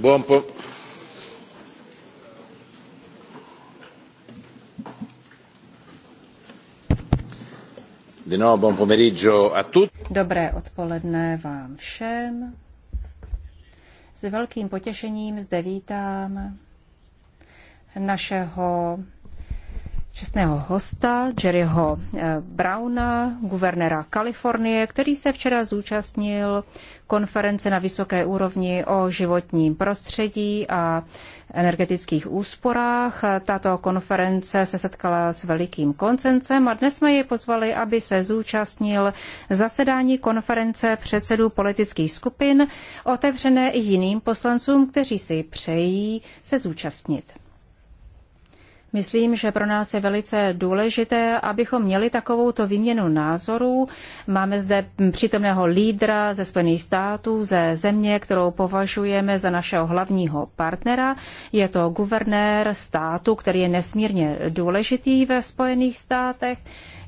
Buon po- a Dobré odpoledne vám všem. S velkým potěšením zde vítám našeho čestného hosta Jerryho eh, Browna, guvernéra Kalifornie, který se včera zúčastnil konference na vysoké úrovni o životním prostředí a energetických úsporách. Tato konference se setkala s velikým koncencem a dnes jsme ji pozvali, aby se zúčastnil zasedání konference předsedů politických skupin, otevřené i jiným poslancům, kteří si přejí se zúčastnit. Myslím, že pro nás je velice důležité, abychom měli takovouto výměnu názorů. Máme zde přítomného lídra ze Spojených států, ze země, kterou považujeme za našeho hlavního partnera. Je to guvernér státu, který je nesmírně důležitý ve Spojených státech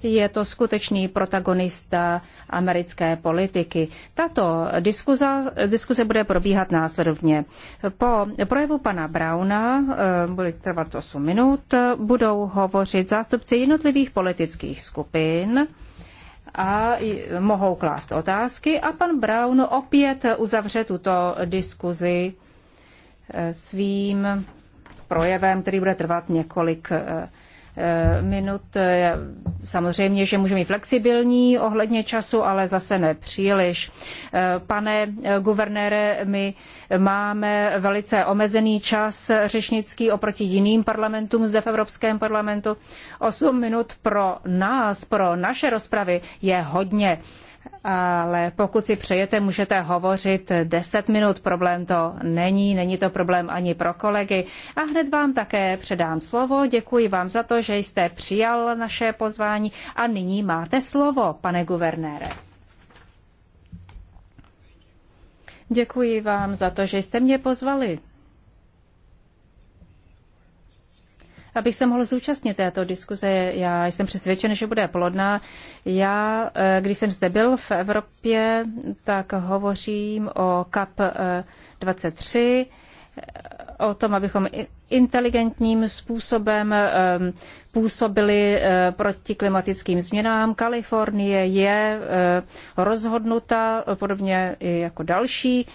je to skutečný protagonista americké politiky. Tato diskuza, diskuze bude probíhat následovně. Po projevu pana Brauna, eh, bude trvat 8 minut, budou hovořit zástupci jednotlivých politických skupin a mohou klást otázky a pan Brown opět uzavře tuto diskuzi eh, svým projevem, který bude trvat několik eh, Eh, minut. Eh, samozřejmě, že můžeme být flexibilní ohledně času, ale zase ne příliš. Eh, pane guvernére, my máme velice omezený čas řečnický oproti jiným parlamentům zde v Evropském parlamentu. Osm minut pro nás, pro naše rozpravy je hodně ale pokud si přejete, můžete hovořit 10 minut. Problém to není, není to problém ani pro kolegy. A hned vám také předám slovo. Děkuji vám za to, že jste přijal naše pozvání a nyní máte slovo, pane guvernére. Děkuji vám za to, že jste mě pozvali. abych se mohl zúčastnit této diskuze. Já jsem přesvědčen, že bude plodná. Já, eh, když jsem zde byl v Evropě, tak hovořím o CAP 23, eh, o tom, abychom inteligentním způsobem eh, působili eh, proti klimatickým změnám. Kalifornie je eh, rozhodnuta, podobně i jako další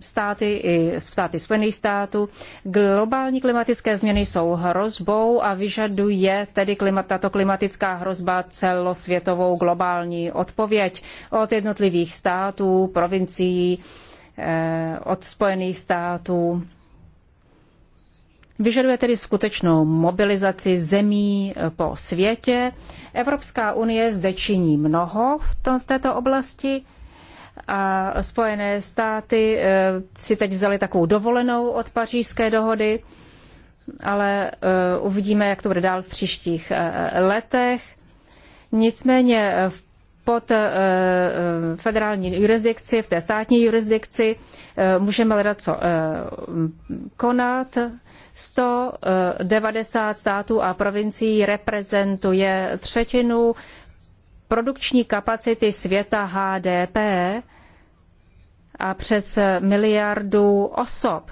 státy, i státy Spojených států. Globální klimatické změny jsou hrozbou a vyžaduje tedy klimat, tato klimatická hrozba celosvětovou globální odpověď od jednotlivých států, provincií, Eh, od Spojených států. Vyžaduje tedy skutečnou mobilizaci zemí eh, po světě. Evropská unie zde činí mnoho v, to, v této oblasti a Spojené státy eh, si teď vzali takovou dovolenou od pařížské dohody, ale uvidíme, jak to bude dál v příštích letech. Nicméně v pod eh, eh, federální jurisdikci, v té státní jurisdikci, eh, můžeme hledat, co konat. 190 států a provincií reprezentuje třetinu produkční kapacity světa HDP a přes miliardu osob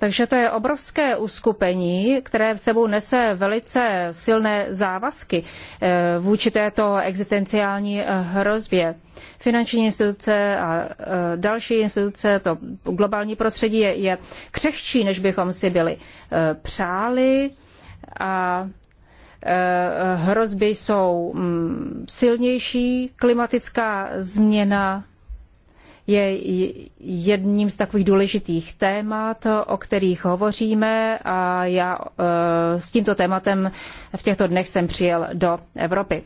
takže to je obrovské uskupení, které v sebou nese velice silné závazky eh, vůči této existenciální eh, hrozbě. Finanční instituce a eh, další instituce, to globální prostředí je, je křehčí, než bychom si byli přáli a hrozby jsou mm, silnější, klimatická změna je jedním z takových důležitých témat, o kterých hovoříme a já e, s tímto tématem v těchto dnech jsem přijel do Evropy.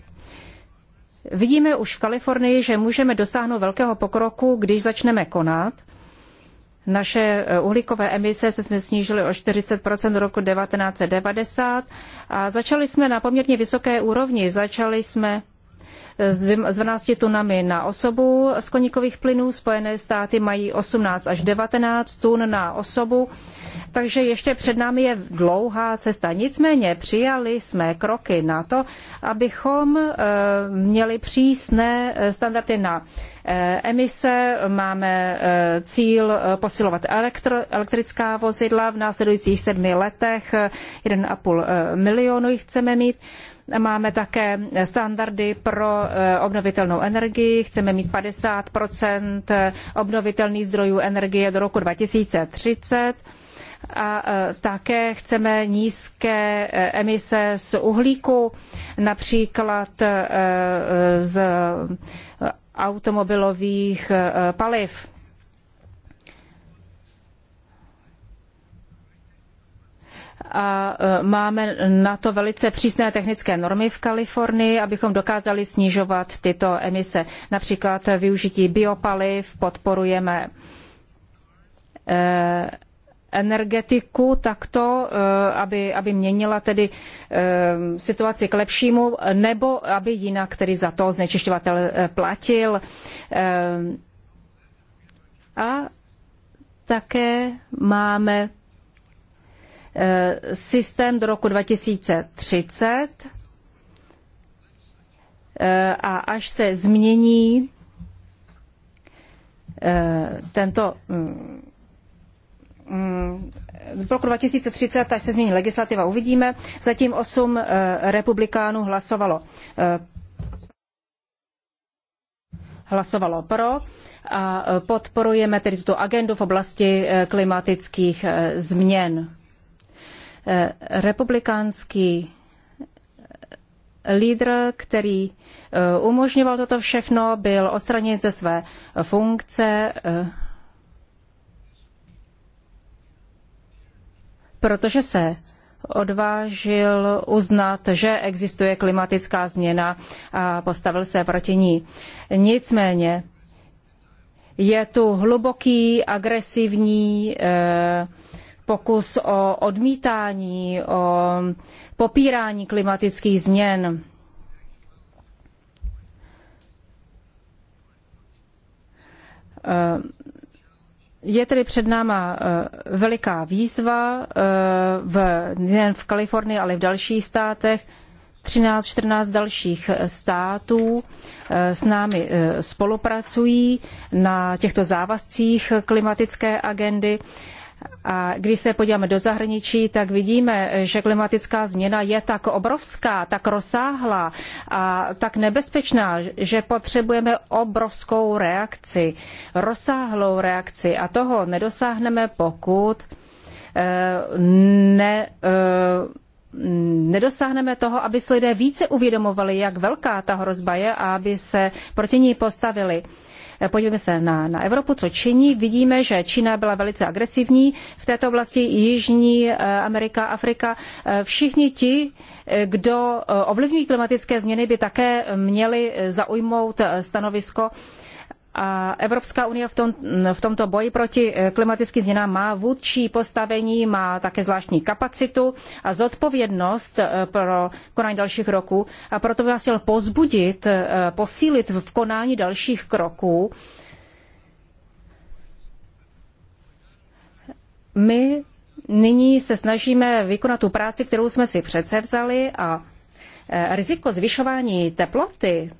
Vidíme už v Kalifornii, že můžeme dosáhnout velkého pokroku, když začneme konat. Naše e, uhlíkové emise se jsme snížili o 40 do roku 1990 a začali jsme na poměrně vysoké úrovni. Začali jsme z 12 tunami na osobu skleníkových plynů. Spojené státy mají 18 až 19 tun na osobu, takže ještě před námi je dlouhá cesta. Nicméně přijali jsme kroky na to, abychom e, měli přísné e, standardy na e, emise, máme cíl posilovat elektro, elektrická vozidla v následujících sedmi letech, 1,5 milionu jich chceme mít. Máme také standardy pro eh, obnovitelnou energii. Chceme mít 50 eh, obnovitelných zdrojů energie do roku 2030 a eh, také chceme nízké emise z uhlíku, například z automobilových paliv. a e, máme na to velice přísné technické normy v Kalifornii, abychom dokázali snižovat tyto emise. Například využití biopaliv podporujeme e, energetiku takto, e, aby, aby měnila tedy situaci k lepšímu, nebo aby jinak tedy za to znečišťovatel platil. A také máme Eh, systém do roku 2030 eh, a až se změní eh, tento mm, mm, v roku 2030, až se změní legislativa, uvidíme. Zatím osm republikánů hlasovalo hlasovalo pro a podporujeme tedy tuto agendu v oblasti klimatických změn. Eh, republikánský eh, lídr, který eh, umožňoval toto všechno, byl odstraněn ze své funkce, protože se odvážil uznat, že existuje klimatická změna a postavil se proti ní. Nicméně je tu hluboký, agresivní eh, pokus o odmítání, o popírání klimatických změn. Eh, je tedy před náma eh, veliká výzva eh, v, nejen v Kalifornii, ale i v dalších státech. 13-14 dalších států s námi spolupracují na těchto závazcích klimatické agendy a když se podíváme do zahraničí, tak vidíme, že klimatická změna je tak obrovská, tak rozsáhlá a tak nebezpečná, že potřebujeme obrovskou reakci, rozsáhlou reakci. A toho nedosáhneme, pokud eh, ne, eh, nedosáhneme toho, aby si lidé více uvědomovali, jak velká ta hrozba je a aby se proti ní postavili. Eh, podívejme se na, na Evropu, co činí. Vidíme, že Čína byla velice agresivní v této oblasti, Jižní eh, Amerika, Afrika. Eh, všichni ti, kdo ovlivňují klimatické změny, by také měli zaujmout stanovisko a Evropská unie v, tom, v tomto boji proti eh, klimatickým změnám má vůdčí postavení, má také zvláštní kapacitu a zodpovědnost eh, pro konání dalších kroků. A proto bych vás chtěl pozbudit, eh, posílit v konání dalších kroků. My nyní se snažíme vykonat tu práci, kterou jsme si přece vzali a riziko zvyšování teploty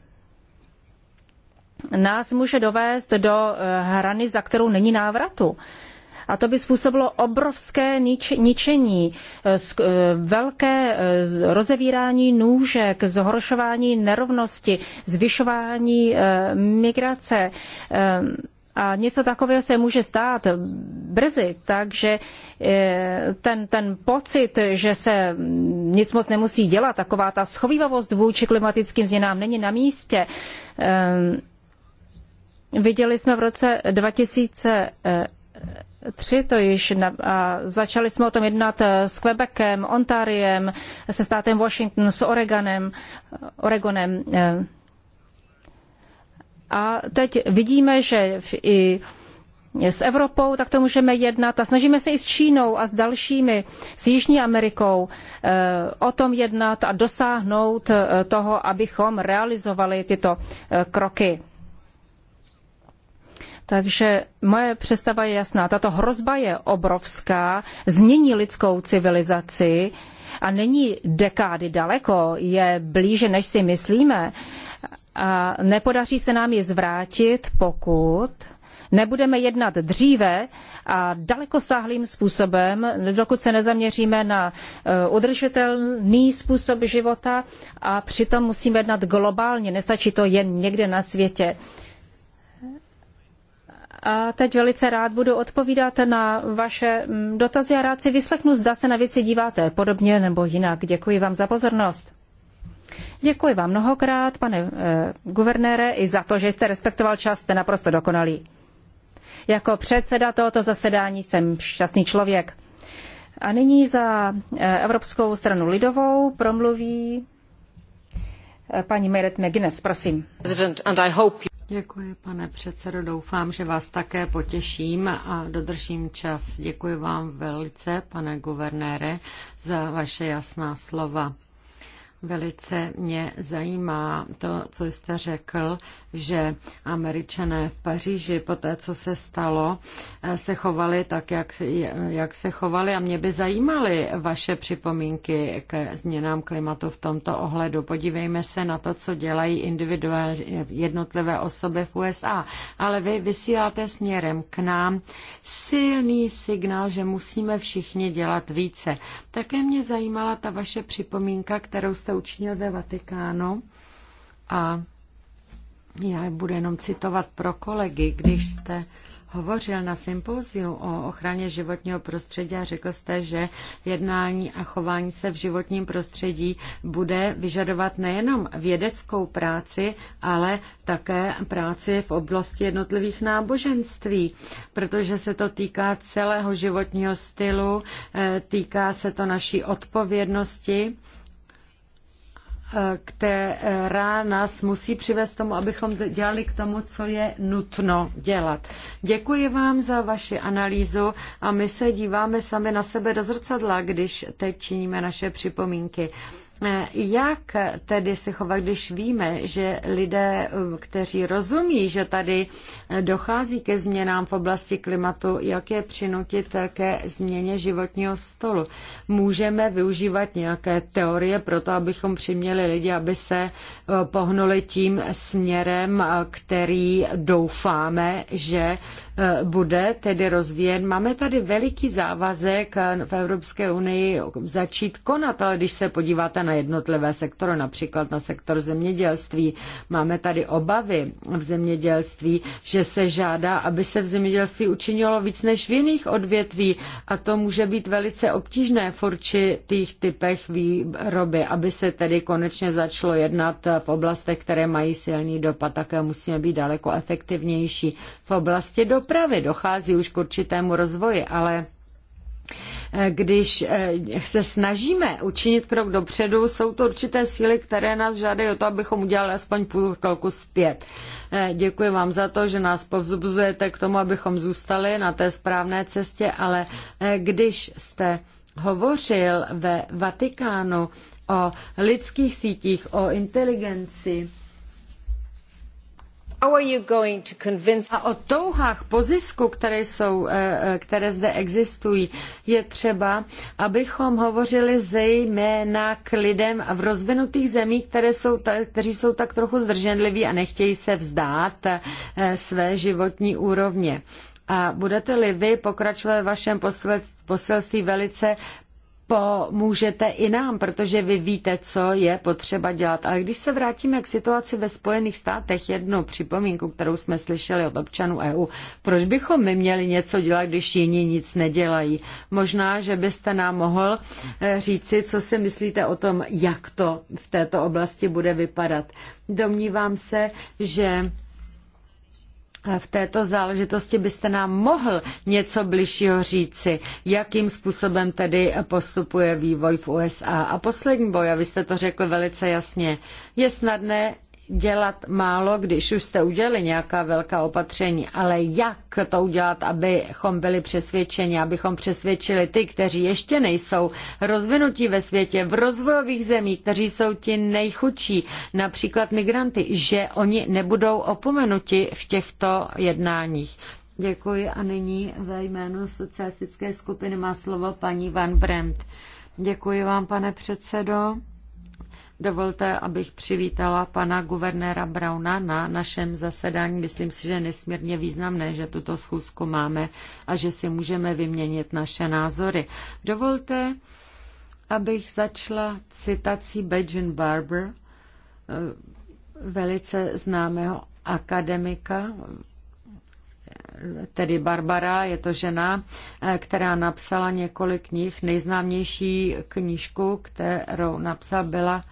nás může dovést do eh, hrany, za kterou není návratu. A to by způsobilo obrovské nič, ničení, eh, eh, velké rozevírání nůžek, zhoršování nerovnosti, zvyšování migrace. A něco takového se může stát brzy, takže ten, ten pocit, že se nic moc nemusí dělat, taková ta schovývavost vůči klimatickým změnám není na místě. Ehm, Viděli jsme v roce 2003 to již a začali jsme o tom jednat eh, s Quebecem, Ontariem, se státem Washington, s Oregonem. Oregonem. Eh. A teď vidíme, že i s Evropou, tak to můžeme jednat a snažíme se i s Čínou a s dalšími, s Jižní Amerikou eh, o tom jednat a dosáhnout toho, abychom realizovali tyto kroky. Takže moje představa je jasná. Tato hrozba je obrovská, změní lidskou civilizaci a není dekády daleko, je blíže, než si myslíme. A nepodaří se nám ji zvrátit, pokud nebudeme jednat dříve a daleko sáhlým způsobem, dokud se nezaměříme na eh, udržitelný způsob života a přitom musíme jednat globálně, nestačí to jen někde na světě. A teď velice rád budu odpovídat na vaše mm, dotazy a rád si vyslechnu, zda se na věci díváte podobně nebo jinak. Děkuji vám za pozornost. Děkuji vám mnohokrát, pane e, guvernére, i za to, že jste respektoval čas, jste naprosto dokonalý. Jako předseda tohoto zasedání jsem šťastný člověk. A nyní za eh, Evropskou stranu lidovou promluví eh, paní Meret McGuinness, prosím. Děkuji, pane předsedo. Doufám, že vás také potěším a dodržím čas. Děkuji vám velice, pane guvernére, za vaše jasná slova. Velice mě zajímá to, co jste řekl, že američané v Paříži po té, co se stalo, eh, se chovali tak, jak, se, jak se chovali a mě by zajímaly vaše připomínky ke změnám klimatu v tomto ohledu. Podívejme se na to, co dělají individuální jednotlivé osoby v USA, ale vy vysíláte směrem k nám silný signál, že musíme všichni dělat více. Také mě zajímala ta vaše připomínka, kterou jste učinil ve Vatikánu a já budu jenom citovat pro kolegy, když jste hovořil na sympóziu o ochraně životního prostředí a řekl jste, že jednání a chování se v životním prostředí bude vyžadovat nejenom vědeckou práci, ale také práci v oblasti jednotlivých náboženství, protože se to týká celého životního stylu, e, týká se to naší odpovědnosti která nás musí přivést tomu, abychom dělali k tomu, co je nutno dělat. Děkuji vám za vaši analýzu a my se díváme sami na sebe do zrcadla, když teď činíme naše připomínky. Jak tedy se chovat, když víme, že lidé, kteří rozumí, že tady dochází ke změnám v oblasti klimatu, jak je přinutit ke změně životního stolu? Můžeme využívat nějaké teorie pro to, abychom přiměli lidi, aby se eh, pohnuli tím směrem, eh, který doufáme, že Eh, bude tedy rozvíjen. Máme tady veliký závazek eh, v Evropské unii začít konat, ale když se podíváte na jednotlivé sektory, například na sektor zemědělství, máme tady obavy v zemědělství, že se žádá, aby se v zemědělství učinilo víc než v jiných odvětví a to může být velice obtížné v určitých typech výroby, aby se tedy konečně začalo jednat v oblastech, které mají silný dopad, také musíme být daleko efektivnější v oblasti dopadu dopravy. Dochází už k určitému rozvoji, ale eh, když eh, se snažíme učinit krok dopředu, jsou to určité síly, které nás žádají o to, abychom udělali aspoň půl kroku zpět. Eh, děkuji vám za to, že nás povzbuzujete k tomu, abychom zůstali na té správné cestě, ale když jste hovořil ve Vatikánu o lidských sítích, o inteligenci, a o touhách po zisku, které, jsou, eh, eh, které zde existují, je třeba, abychom hovořili zejména k lidem v rozvinutých zemích, které jsou, kteří jsou tak trochu zdrženliví a nechtějí se vzdát eh, své životní úrovně. A budete-li vy pokračovat v vašem poselství velice pomůžete i nám, protože vy víte, co je potřeba dělat. Ale když se vrátíme k situaci ve Spojených státech, jednu připomínku, kterou jsme slyšeli od občanů EU, proč bychom my měli něco dělat, když jiní nic nedělají? Možná, že byste nám mohl eh, říci, co si myslíte o tom, jak to v této oblasti bude vypadat. Domnívám se, že v této záležitosti byste nám mohl něco bližšího říci, jakým způsobem tedy postupuje vývoj v USA. A poslední boj, a vy jste to řekl velice jasně, je snadné dělat málo, když už jste udělali nějaká velká opatření, ale jak to udělat, abychom byli přesvědčeni, abychom přesvědčili ty, kteří ještě nejsou rozvinutí ve světě, v rozvojových zemích, kteří jsou ti nejchudší, například migranty, že oni nebudou opomenuti v těchto jednáních. Děkuji a nyní ve jménu socialistické skupiny má slovo paní Van Bremt. Děkuji vám, pane předsedo. Dovolte, abych přivítala pana guvernéra Brauna na našem zasedání. Myslím si, že je nesmírně významné, že tuto schůzku máme a že si můžeme vyměnit naše názory. Dovolte, abych začala citací Bajan Barber, eh, velice známého akademika, tedy Barbara, je to žena, eh, která napsala několik knih. Nejznámější knížku, kterou napsala, byla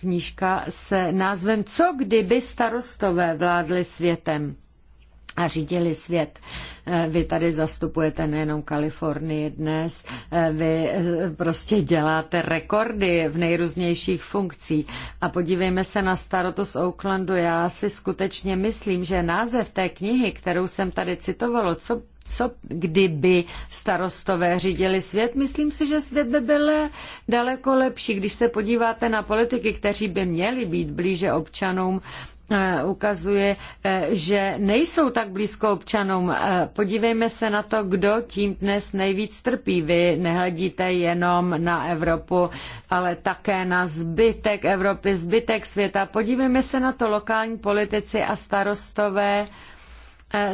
knížka se názvem Co kdyby starostové vládli světem? a řídili svět. Eh, vy tady zastupujete nejenom Kalifornii dnes, eh, vy eh, prostě děláte rekordy v nejrůznějších funkcích. A podívejme se na starotu z Oaklandu. Já si skutečně myslím, že název té knihy, kterou jsem tady citovala, co co kdyby starostové řídili svět? Myslím si, že svět by byl daleko lepší. Když se podíváte na politiky, kteří by měli být blíže občanům, Eh, ukazuje, eh, že nejsou tak blízko občanům. Eh, podívejme se na to, kdo tím dnes nejvíc trpí. Vy nehledíte jenom na Evropu, ale také na zbytek Evropy, zbytek světa. Podívejme se na to lokální politici a starostové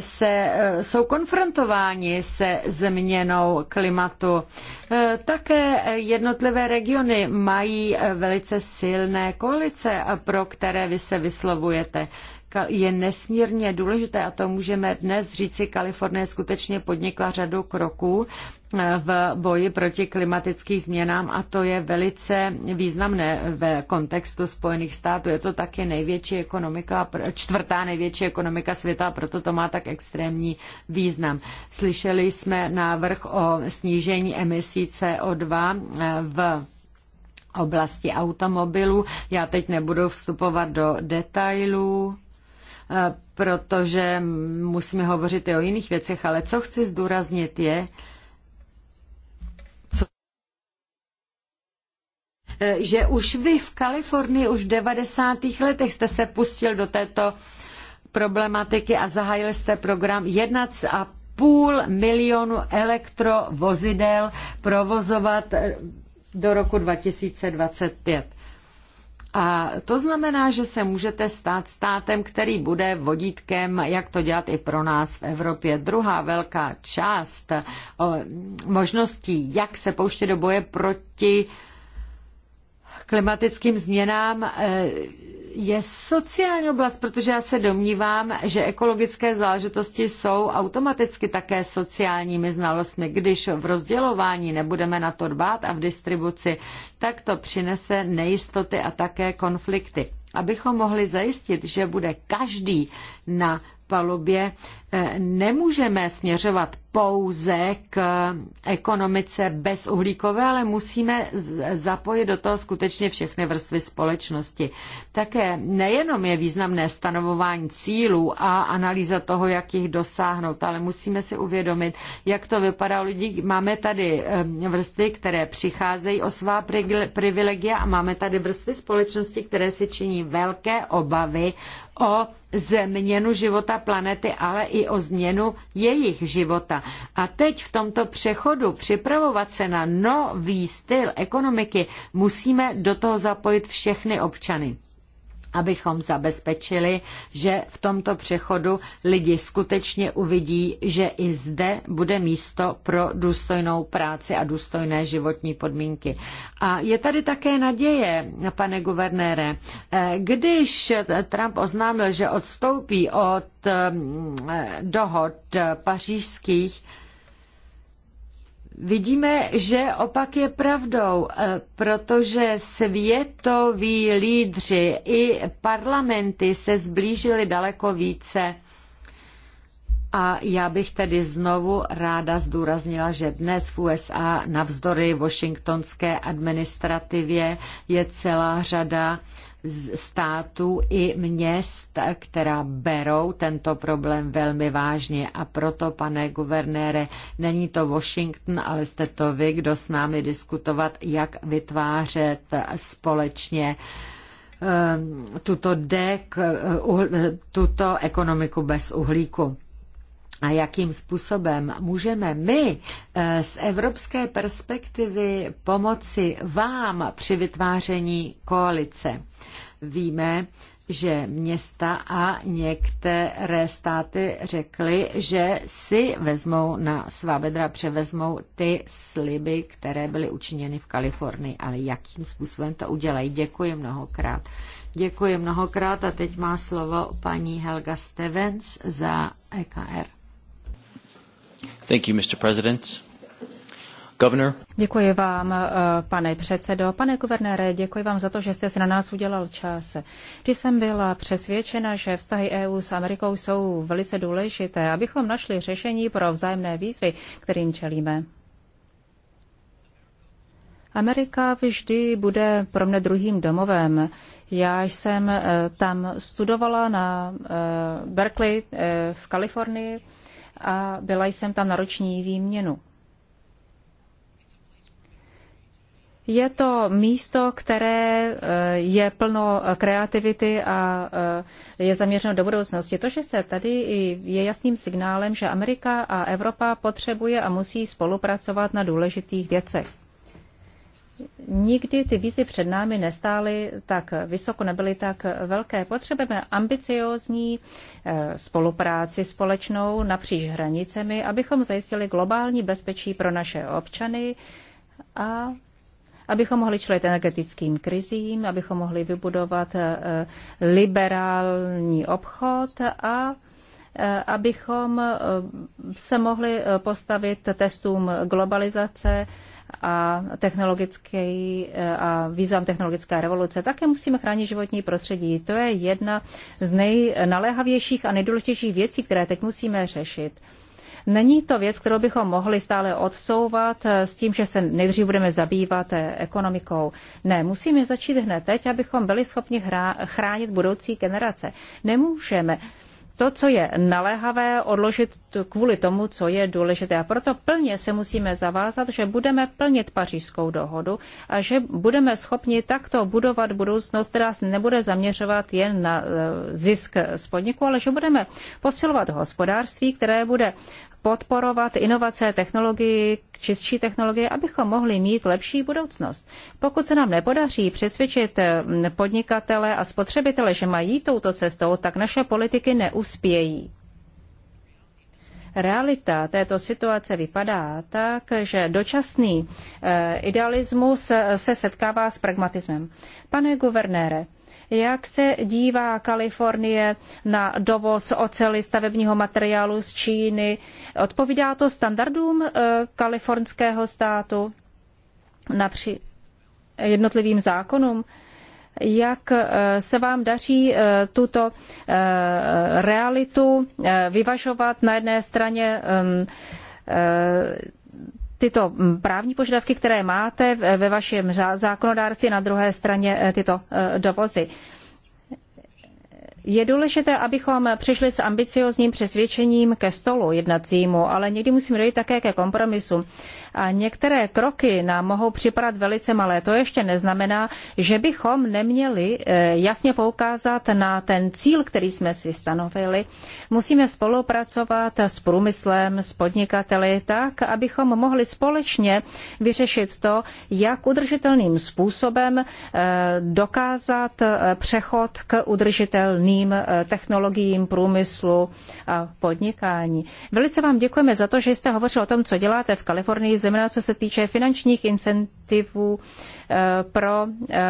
se, eh, jsou konfrontováni se změnou klimatu. Eh, také jednotlivé regiony mají eh, velice silné koalice, pro které vy se vyslovujete. Je nesmírně důležité, a to můžeme dnes říci, Kalifornie skutečně podnikla řadu kroků v boji proti klimatickým změnám a to je velice významné v kontextu Spojených států. Je to také největší ekonomika, čtvrtá největší ekonomika světa, proto to má tak extrémní význam. Slyšeli jsme návrh o snížení emisí CO2 eh, v oblasti automobilů. Já teď nebudu vstupovat do detailů, eh, protože musíme hovořit i o jiných věcech, ale co chci zdůraznit je, že už vy v Kalifornii už v 90. letech jste se pustil do této problematiky a zahájil jste program 1,5 půl milionu elektrovozidel provozovat eh, do roku 2025. A to znamená, že se můžete stát státem, který bude vodítkem, jak to dělat i pro nás v Evropě. Druhá velká část eh, možností, jak se pouštět do boje proti uh, klimatickým změnám eh, je sociální oblast, protože já se domnívám, že ekologické záležitosti jsou automaticky také sociálními znalostmi. Když v rozdělování nebudeme na to dbát a v distribuci, tak to přinese nejistoty a také konflikty. Abychom mohli zajistit, že bude každý na palubě Eh, nemůžeme směřovat pouze k ekonomice bez uhlíkové, ale musíme zapojit do toho skutečně všechny vrstvy společnosti. Také nejenom je významné stanovování cílů a analýza toho, jak jich dosáhnout, ale musíme si uvědomit, jak to vypadá lidí. Máme tady eh, vrstvy, které přicházejí o svá privilegia a máme tady vrstvy společnosti, které si činí velké obavy o změnu života planety, ale i o změnu jejich života. A teď v tomto přechodu připravovat se na nový styl ekonomiky musíme do toho zapojit všechny občany abychom zabezpečili, že v tomto přechodu lidi skutečně uvidí, že i zde bude místo pro důstojnou práci a důstojné životní podmínky. A je tady také naděje, pane guvernére. Eh, když Trump oznámil, že odstoupí od mm, eh, dohod pařížských, Vidíme, že opak je pravdou, eh, protože světoví lídři i parlamenty se zblížili daleko více. A já bych tedy znovu ráda zdůraznila, že dnes v USA navzdory washingtonské administrativě je celá řada států i měst, která berou tento problém velmi vážně. A proto, pane guvernére, není to Washington, ale jste to vy, kdo s námi diskutovat, jak vytvářet společně eh, tuto, dek, eh, tuto ekonomiku bez uhlíku a jakým způsobem můžeme my eh, z evropské perspektivy pomoci vám při vytváření koalice. Víme, že města a některé státy řekly, že si vezmou na svá bedra, převezmou ty sliby, které byly učiněny v Kalifornii. Ale jakým způsobem to udělají? Děkuji mnohokrát. Děkuji mnohokrát a teď má slovo paní Helga Stevens za EKR. Thank you, Mr. President. Governor. Děkuji vám, eh, pane předsedo. Pane guvernére, děkuji vám za to, že jste si na nás udělal čas. Když jsem byla přesvědčena, že vztahy EU s Amerikou jsou velice důležité, abychom našli řešení pro vzájemné výzvy, kterým čelíme. Amerika vždy bude pro mne druhým domovem. Já jsem eh, tam studovala na eh, Berkeley v Kalifornii a byla jsem tam na roční výměnu. Je to místo, které eh, je plno eh, kreativity a eh, je zaměřeno do budoucnosti. To, že jste tady, je jasným signálem, že Amerika a Evropa potřebuje a musí spolupracovat na důležitých věcech nikdy ty výzvy před námi nestály tak vysoko, nebyly tak velké. Potřebujeme ambiciózní eh, spolupráci společnou napříč hranicemi, abychom zajistili globální bezpečí pro naše občany a abychom mohli čelit energetickým krizím, abychom mohli vybudovat eh, liberální obchod a eh, abychom se mohli postavit testům globalizace, a, technologický, e, a výzvám technologické revoluce. Také musíme chránit životní prostředí. To je jedna z nejnaléhavějších a nejdůležitějších věcí, které teď musíme řešit. Není to věc, kterou bychom mohli stále odsouvat e, s tím, že se nejdřív budeme zabývat e, ekonomikou. Ne, musíme začít hned teď, abychom byli schopni chránit budoucí generace. Nemůžeme to, co je naléhavé, odložit kvůli tomu, co je důležité. A proto plně se musíme zavázat, že budeme plnit pařížskou dohodu a že budeme schopni takto budovat budoucnost, která se nebude zaměřovat jen na e, zisk z podniku, ale že budeme posilovat hospodářství, které bude podporovat inovace, technologii, čistší technologie, abychom mohli mít lepší budoucnost. Pokud se nám nepodaří přesvědčit mm, podnikatele a spotřebitele, že mají touto cestou, tak naše politiky neuspějí. Realita této situace vypadá tak, že dočasný eh, idealismus se setkává s pragmatismem. Pane guvernére, jak se dívá Kalifornie na dovoz oceli stavebního materiálu z Číny? Odpovídá to standardům eh, kalifornského státu, napři jednotlivým zákonům? Jak eh, se vám daří eh, tuto realitu vyvažovat na jedné straně ehm, tyto právní požadavky, které máte ve vašem zákonodárství, na druhé straně eh, tyto eh, dovozy. Je důležité, abychom přišli s ambiciozním přesvědčením ke stolu jednacímu, ale někdy musíme dojít také ke kompromisu. A některé kroky nám mohou připadat velice malé. To ještě neznamená, že bychom neměli eh, jasně poukázat na ten cíl, který jsme si stanovili. Musíme spolupracovat s průmyslem, s podnikateli, tak, abychom mohli společně vyřešit to, jak udržitelným způsobem eh, dokázat eh, přechod k udržitelným technologiím průmyslu a podnikání. Velice vám děkujeme za to, že jste hovořil o tom, co děláte v Kalifornii zejména co se týče finančních incentivů eh, pro eh,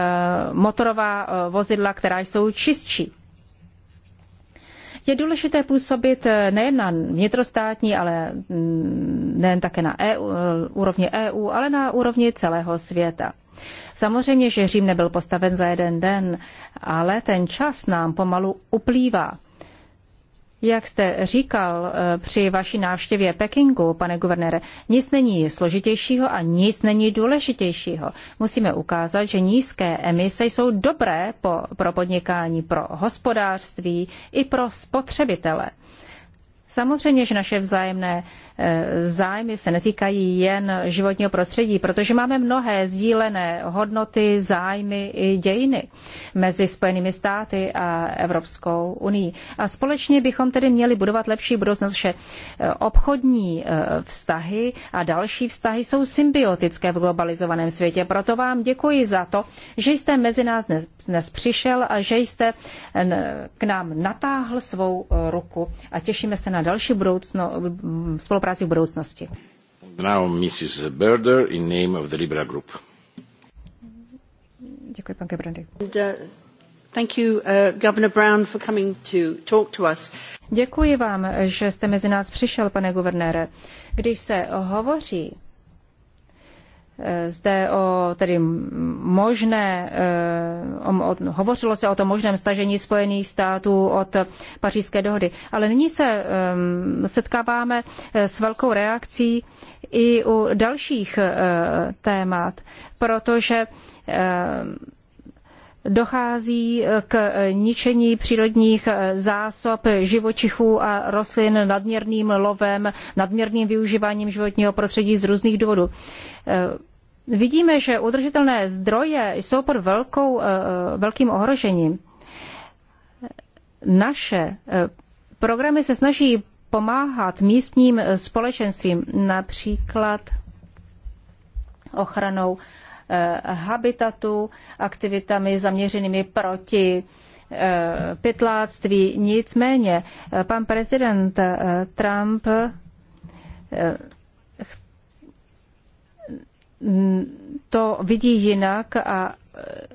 motorová eh, vozidla, která jsou čistší. Je důležité působit nejen na vnitrostátní, ale mm, nejen také na EU, úrovni EU, ale na úrovni celého světa. Samozřejmě, že Řím nebyl postaven za jeden den, ale ten čas nám pomalu uplývá. Jak jste říkal eh, při vaší návštěvě Pekingu, pane guvernére, nic není složitějšího a nic není důležitějšího. Musíme ukázat, že nízké emise jsou dobré po, pro podnikání, pro hospodářství i pro spotřebitele. Samozřejmě, že naše vzájemné zájmy se netýkají jen životního prostředí, protože máme mnohé sdílené hodnoty, zájmy i dějiny mezi Spojenými státy a Evropskou unii. A společně bychom tedy měli budovat lepší budoucnost, že eh, obchodní eh, vztahy a další vztahy jsou symbiotické v globalizovaném světě. Proto vám děkuji za to, že jste mezi nás dnes přišel a že jste eh, k nám natáhl svou ruku a těšíme se na další budoucno, spolupráci spolupráci v budoucnosti. Now Mrs. Berder in name of the Libra Group. Děkuji, pan Gebrandy. Uh, thank you, uh, Governor Brown, for coming to talk to us. Děkuji vám, že jste mezi nás přišel, pane guvernére. Když se hovoří Eh, zde o tedy možné, eh, o, o, hovořilo se o tom možném stažení Spojených států od pařížské dohody. Ale nyní se um, setkáváme s velkou reakcí i u dalších uh, témat, protože uh, dochází eh, k eh, ničení přírodních eh, zásob živočichů a rostlin nadměrným lovem, nadměrným využíváním životního prostředí z různých důvodů. Vidíme, že udržitelné zdroje jsou pod velkou, velkým ohrožením. Naše programy se snaží pomáhat místním společenstvím, například ochranou Eh, habitatu, aktivitami zaměřenými proti eh, pytláctví. Nicméně eh, pan prezident Trump to vidí jinak a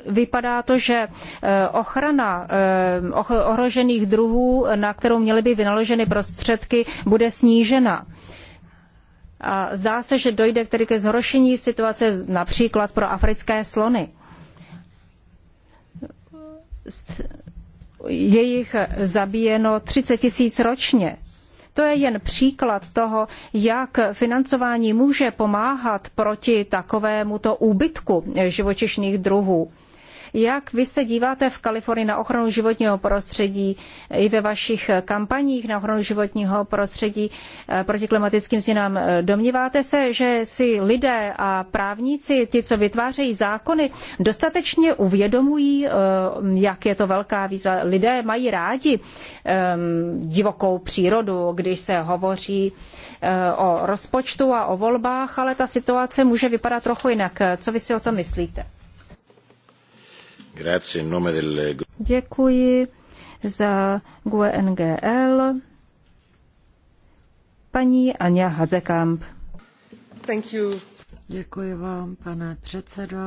vypadá to, že ochrana ohrožených druhů, na kterou měly by vynaloženy prostředky, bude snížena. A zdá se, že dojde k tedy ke zhoršení situace například pro africké slony. Je jich zabíjeno 30 tisíc ročně. To je jen příklad toho, jak financování může pomáhat proti takovémuto úbytku živočišných druhů. Jak vy se díváte v Kalifornii na ochranu životního prostředí i ve vašich kampaních na ochranu životního prostředí eh, proti klimatickým změnám? Eh, domníváte se, že si lidé a právníci, ti, co vytvářejí zákony, dostatečně uvědomují, eh, jak je to velká výzva. Lidé mají rádi ehm, divokou přírodu, když se hovoří o rozpočtu a o volbách, ale ta situace může vypadat trochu jinak. Co vy si o tom myslíte? Děkuji za GUNGL. Paní Anja Hazekamp. Thank you. Děkuji vám, pane předsedo.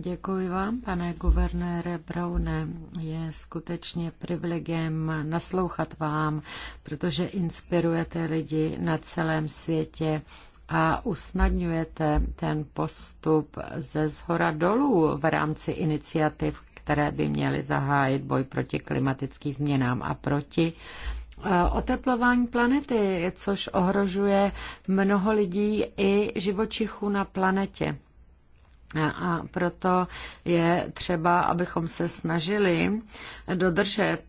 Děkuji vám, pane guvernére Braune. Je skutečně privilegiem naslouchat vám, protože inspirujete lidi na celém světě a usnadňujete ten postup ze zhora dolů v rámci iniciativ, které by měly zahájit boj proti klimatickým změnám a proti eh, oteplování planety, což ohrožuje mnoho lidí i živočichů na planetě. A proto je třeba, abychom se snažili dodržet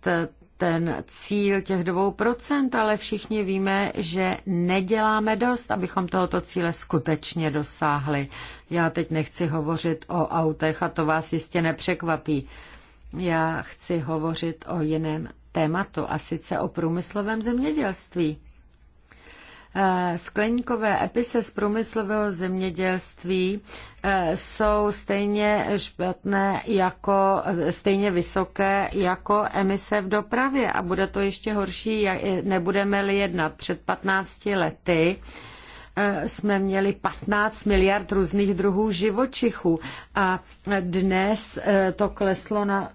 ten cíl těch 2%, ale všichni víme, že neděláme dost, abychom tohoto cíle skutečně dosáhli. Já teď nechci hovořit o autech a to vás jistě nepřekvapí. Já chci hovořit o jiném tématu a sice o průmyslovém zemědělství. Eh, skleníkové epise z průmyslového zemědělství eh, jsou stejně špatné jako, eh, stejně vysoké jako emise v dopravě a bude to ještě horší, nebudeme-li jednat. Před 15 lety jsme měli 15 miliard různých druhů živočichů a dnes to kleslo na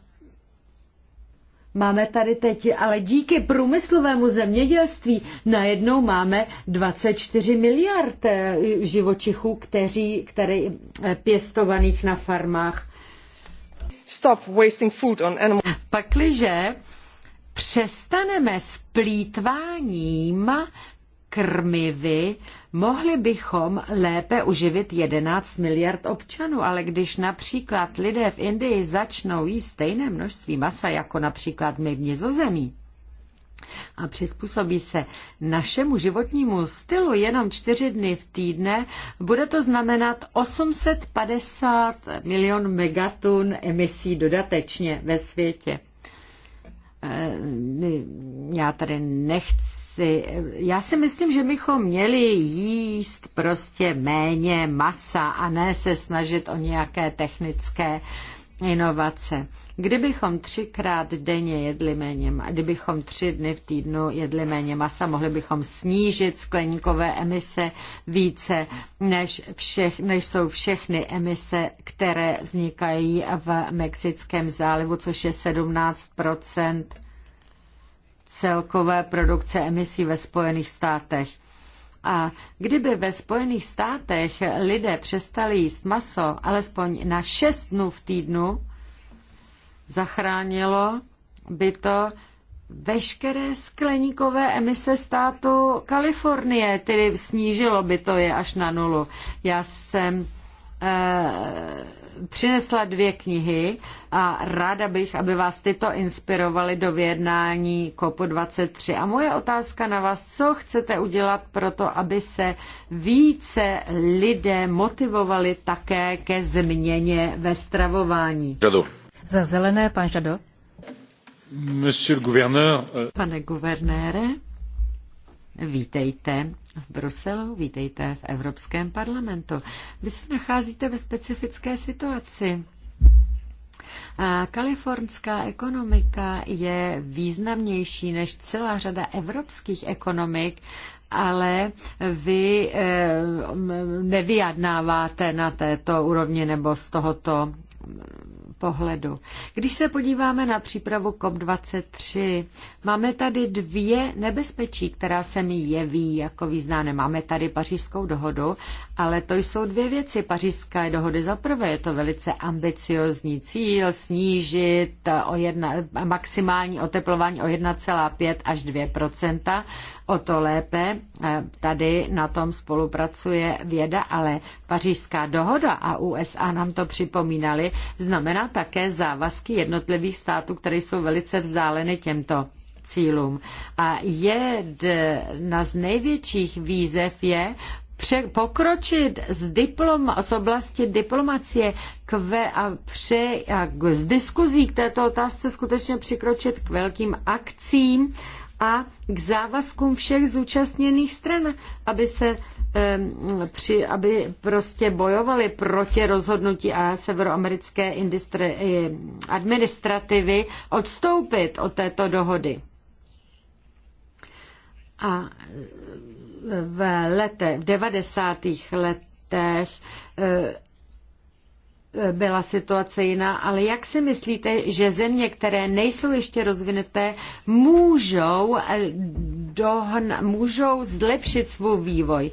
Máme tady teď, ale díky průmyslovému zemědělství najednou máme 24 miliard eh, živočichů, kteří, které eh, pěstovaných na farmách. Stop wasting food on animals. Pakliže přestaneme s plítváním krmivy, mohli bychom lépe uživit 11 miliard občanů, ale když například lidé v Indii začnou jíst stejné množství masa jako například my v Nizozemí, a přizpůsobí se našemu životnímu stylu jenom čtyři dny v týdne, bude to znamenat 850 milion megatun emisí dodatečně ve světě. Eh, já tady nechci, já si myslím, že bychom měli jíst prostě méně masa a ne se snažit o nějaké technické inovace. Kdybychom třikrát denně jedli méně, kdybychom tři dny v týdnu jedli méně masa, mohli bychom snížit skleníkové emise více, než, všech, než jsou všechny emise, které vznikají v Mexickém zálivu, což je 17 celkové produkce emisí ve Spojených státech. A kdyby ve Spojených státech lidé přestali jíst maso alespoň na šest dnů v týdnu, Zachránilo by to veškeré skleníkové emise státu Kalifornie, tedy snížilo by to je až na nulu. Já jsem eh, přinesla dvě knihy a ráda bych, aby vás tyto inspirovaly do vyjednání COP23. A moje otázka na vás, co chcete udělat pro to, aby se více lidé motivovali také ke změně ve stravování? Děkuji. Za zelené, pan Žado. Euh, Pane guvernére, vítejte v Bruselu, vítejte v Evropském parlamentu. Vy se nacházíte ve specifické situaci. A kalifornská ekonomika je významnější než celá řada evropských ekonomik, ale vy eh, nevyjadnáváte na této úrovni nebo z tohoto pohledu. Když se podíváme na přípravu COP23, máme tady dvě nebezpečí, která se mi jeví jako význá. Máme tady pařížskou dohodu ale to jsou dvě věci pařížské dohody. Za prvé je to velice ambiciozní cíl snížit o jedna, maximální oteplování o 1,5 až 2 O to lépe eh, tady na tom spolupracuje věda, ale pařížská dohoda a USA nám to připomínali, znamená také závazky jednotlivých států, které jsou velice vzdáleny těmto cílům. A jedna z největších výzev je pře- pokročit z, diplom- z oblasti diplomacie k ve- a, pře- a k- z diskuzí k této otázce skutečně přikročit k velkým akcím a k závazkům všech zúčastněných stran, aby se při, aby prostě bojovali proti rozhodnutí a severoamerické administrativy odstoupit od této dohody. A v letech, v 90. letech eh, byla situace jiná, ale jak si myslíte, že země, které nejsou ještě rozvinuté, můžou, eh, dohn, můžou zlepšit svůj vývoj?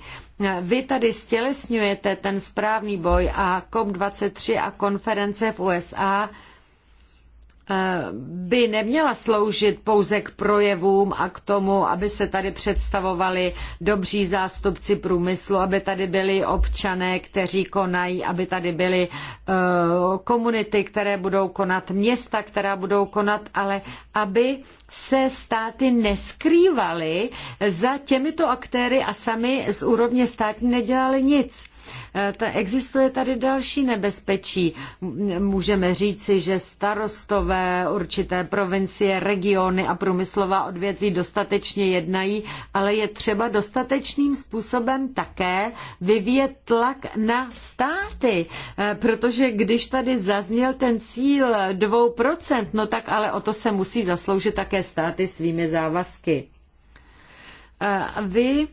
Vy tady stělesňujete ten správný boj a COP23 a konference v USA by neměla sloužit pouze k projevům a k tomu, aby se tady představovali dobří zástupci průmyslu, aby tady byli občané, kteří konají, aby tady byly eh, komunity, které budou konat, města, která budou konat, ale aby se státy neskrývaly za těmito aktéry a sami z úrovně státní nedělali nic Eh, existuje tady další nebezpečí. Můžeme říci, že starostové určité provincie, regiony a průmyslová odvětví dostatečně jednají, ale je třeba dostatečným způsobem také vyvíjet tlak na státy, eh, protože když tady zazněl ten cíl 2%, no tak ale o to se musí zasloužit také státy svými závazky. Eh, a vy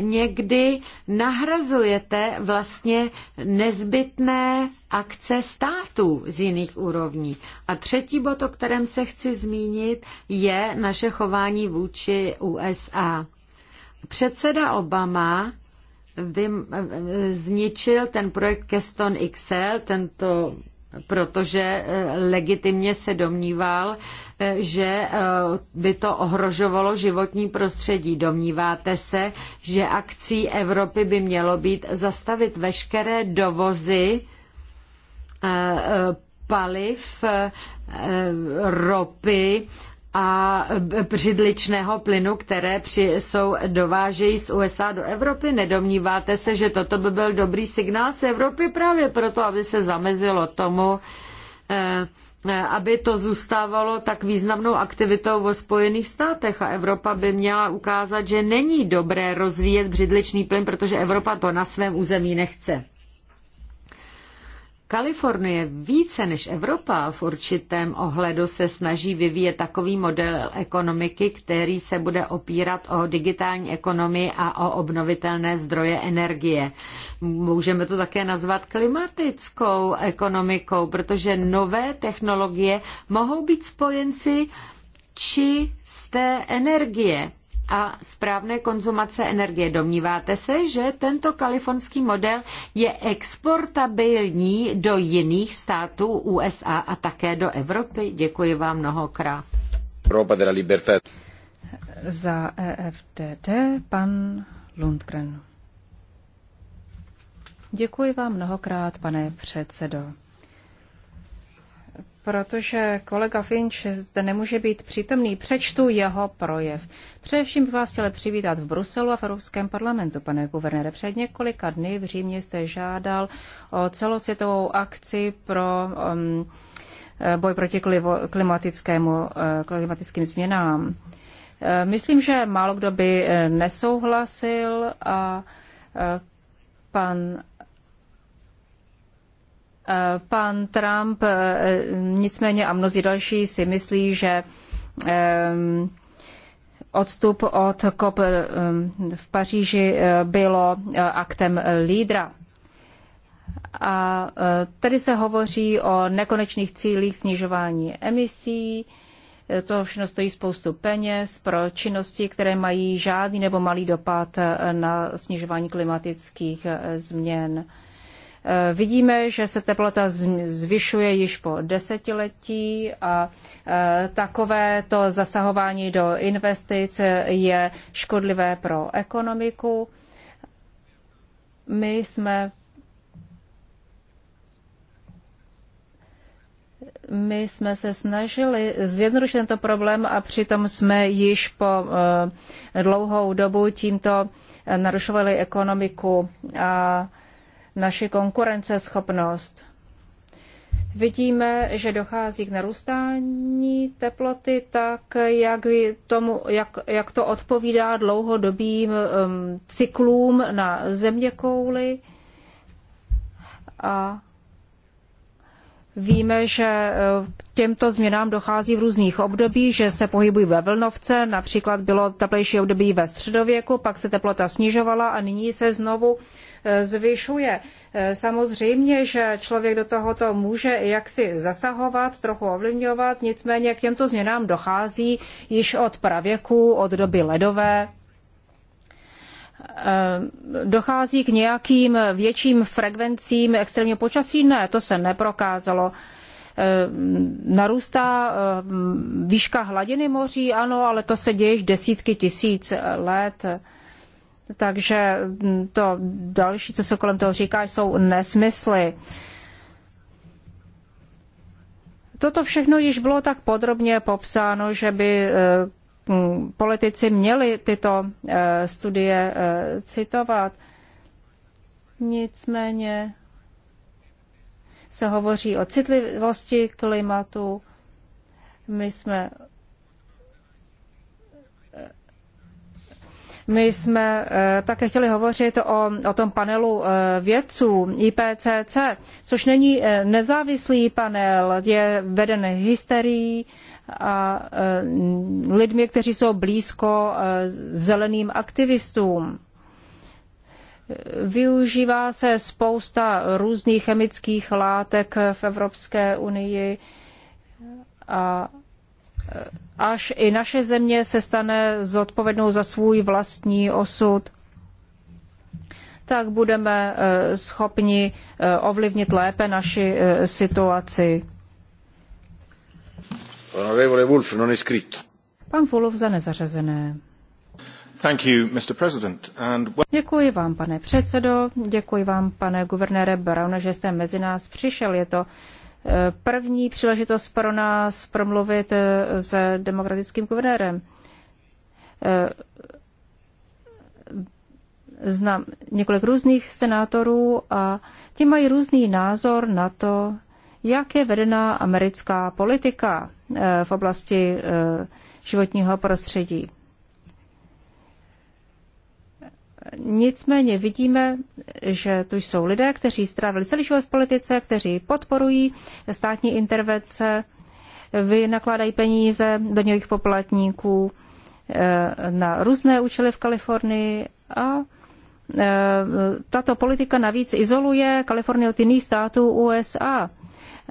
někdy nahrazujete vlastně nezbytné akce států z jiných úrovní. A třetí bod, o kterém se chci zmínit, je naše chování vůči USA. Předseda Obama vym, zničil ten projekt Keston XL, tento protože eh, legitimně se domníval, eh, že eh, by to ohrožovalo životní prostředí. Domníváte se, že akcí Evropy by mělo být zastavit veškeré dovozy paliv, ropy a břidličného plynu, které při, jsou, dovážejí z USA do Evropy. Nedomníváte se, že toto by byl dobrý signál z Evropy právě proto, aby se zamezilo tomu, eh, eh, aby to zůstávalo tak významnou aktivitou ve Spojených státech a Evropa by měla ukázat, že není dobré rozvíjet břidličný plyn, protože Evropa to na svém území nechce. Kalifornie více než Evropa v určitém ohledu se snaží vyvíjet takový model ekonomiky, který se bude opírat o digitální ekonomii a o obnovitelné zdroje energie. Můžeme to také nazvat klimatickou ekonomikou, protože nové technologie mohou být spojenci čisté energie a správné konzumace energie. Domníváte se, že tento kalifornský model je exportabilní do jiných států USA a také do Evropy? Děkuji vám mnohokrát. Europa de la Libertad. Za EFTT pan Lundgren. Děkuji vám mnohokrát, pane předsedo protože kolega Finch zde nemůže být přítomný, přečtu jeho projev. Především bych vás chtěl přivítat v Bruselu a v Evropském parlamentu, pane guvernére. Před několika dny v Římě jste žádal o celosvětovou akci pro um, eh, boj proti klimatickému, eh, klimatickým změnám. Eh, myslím, že málo kdo by nesouhlasil a pan Pan Trump eh, nicméně a mnozí další si myslí, že ehm, odstup od COP ehm, v Paříži eh, bylo eh, aktem lídra. A tady se hovoří o nekonečných cílích snižování emisí, to všechno stojí spoustu peněz pro činnosti, které mají žádný nebo malý dopad na snižování klimatických změn. Eh, vidíme, že se teplota zvyšuje již po desetiletí a eh, takové to zasahování do investic je škodlivé pro ekonomiku. My jsme my jsme se snažili zjednodušit tento problém a přitom jsme již po eh, dlouhou dobu tímto narušovali ekonomiku a naši konkurenceschopnost. Vidíme, že dochází k narůstání teploty tak, jak, tomu, jak, jak to odpovídá dlouhodobým um, cyklům na zeměkouli. A Víme, že uh, k těmto změnám dochází v různých obdobích, že se pohybují ve vlnovce, například bylo teplejší období ve středověku, pak se teplota snižovala a nyní se znovu zvyšuje. Samozřejmě, že člověk do tohoto může jaksi zasahovat, trochu ovlivňovat, nicméně k těmto změnám dochází již od pravěku, od doby ledové, eh, dochází k nějakým větším frekvencím extrémního počasí? Ne, to se neprokázalo. Eh, narůstá eh, výška hladiny moří? Ano, ale to se děje již desítky tisíc let takže mm, to další, co se kolem toho říká, jsou nesmysly. Toto všechno již bylo tak podrobně popsáno, že by e, mm, politici měli tyto e, studie e, citovat. Nicméně se hovoří o citlivosti klimatu. My jsme My jsme eh, také chtěli hovořit o, o tom panelu eh, vědců IPCC, což není eh, nezávislý panel, je veden hysterií a lidmi, kteří jsou blízko zeleným aktivistům. Využívá se spousta různých chemických látek v Evropské unii a až i naše země se stane zodpovědnou za svůj vlastní osud, tak budeme eh, schopni eh, ovlivnit lépe naši eh, situaci. Honorevole Wolf, non scritto. Pan Wolf za nezařazené. Thank you, Mr. President. And... Děkuji vám, pane předsedo, děkuji vám, pane guvernére Brown, že jste mezi nás přišel. Je to první příležitost pro nás promluvit eh, s demokratickým guvernérem. Eh, znám několik různých senátorů a ti mají různý názor na to, jak je vedena americká politika eh, v oblasti životního prostředí. Nicméně vidíme, že tu jsou lidé, kteří strávili celý život v politice, kteří podporují státní intervence, vynakládají peníze do nových poplatníků eh, na různé účely v Kalifornii a eh, tato politika navíc izoluje Kalifornii od jiných států USA.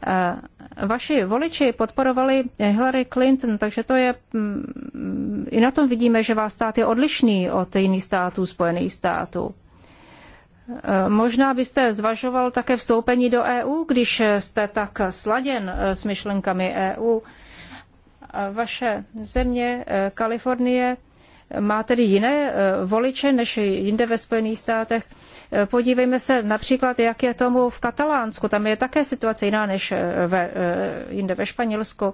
Eh, vaši voliči podporovali Hillary Clinton, takže to je, mm, i na tom vidíme, že váš stát je odlišný od jiných států, Spojených států. Eh, možná byste zvažoval také vstoupení do EU, když jste tak sladěn eh, s myšlenkami EU. Vaše země, Kalifornie, má tedy jiné eh, voliče než jinde ve Spojených státech. Eh, podívejme se například, jak je tomu v Katalánsku. Tam je také situace jiná než eh, ve, jinde ve Španělsku.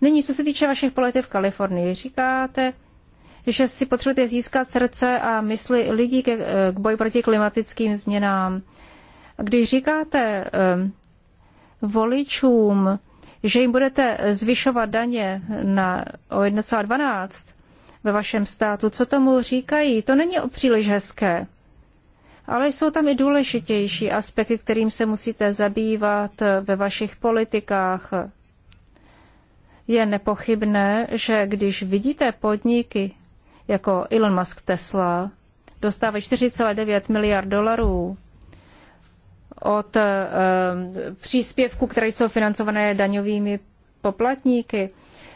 Nyní, co se týče vašich politik v Kalifornii, říkáte, že si potřebujete získat srdce a mysli lidí k, k boji proti klimatickým změnám. Když říkáte voličům, že jim budete zvyšovat daně na, o 1,12, ve vašem státu, co tomu říkají, to není příliš hezké. Ale jsou tam i důležitější aspekty, kterým se musíte zabývat ve vašich politikách. Je nepochybné, že když vidíte podniky jako Elon Musk Tesla, dostávají 4,9 miliard dolarů od eh, příspěvků, které jsou financované daňovými poplatníky,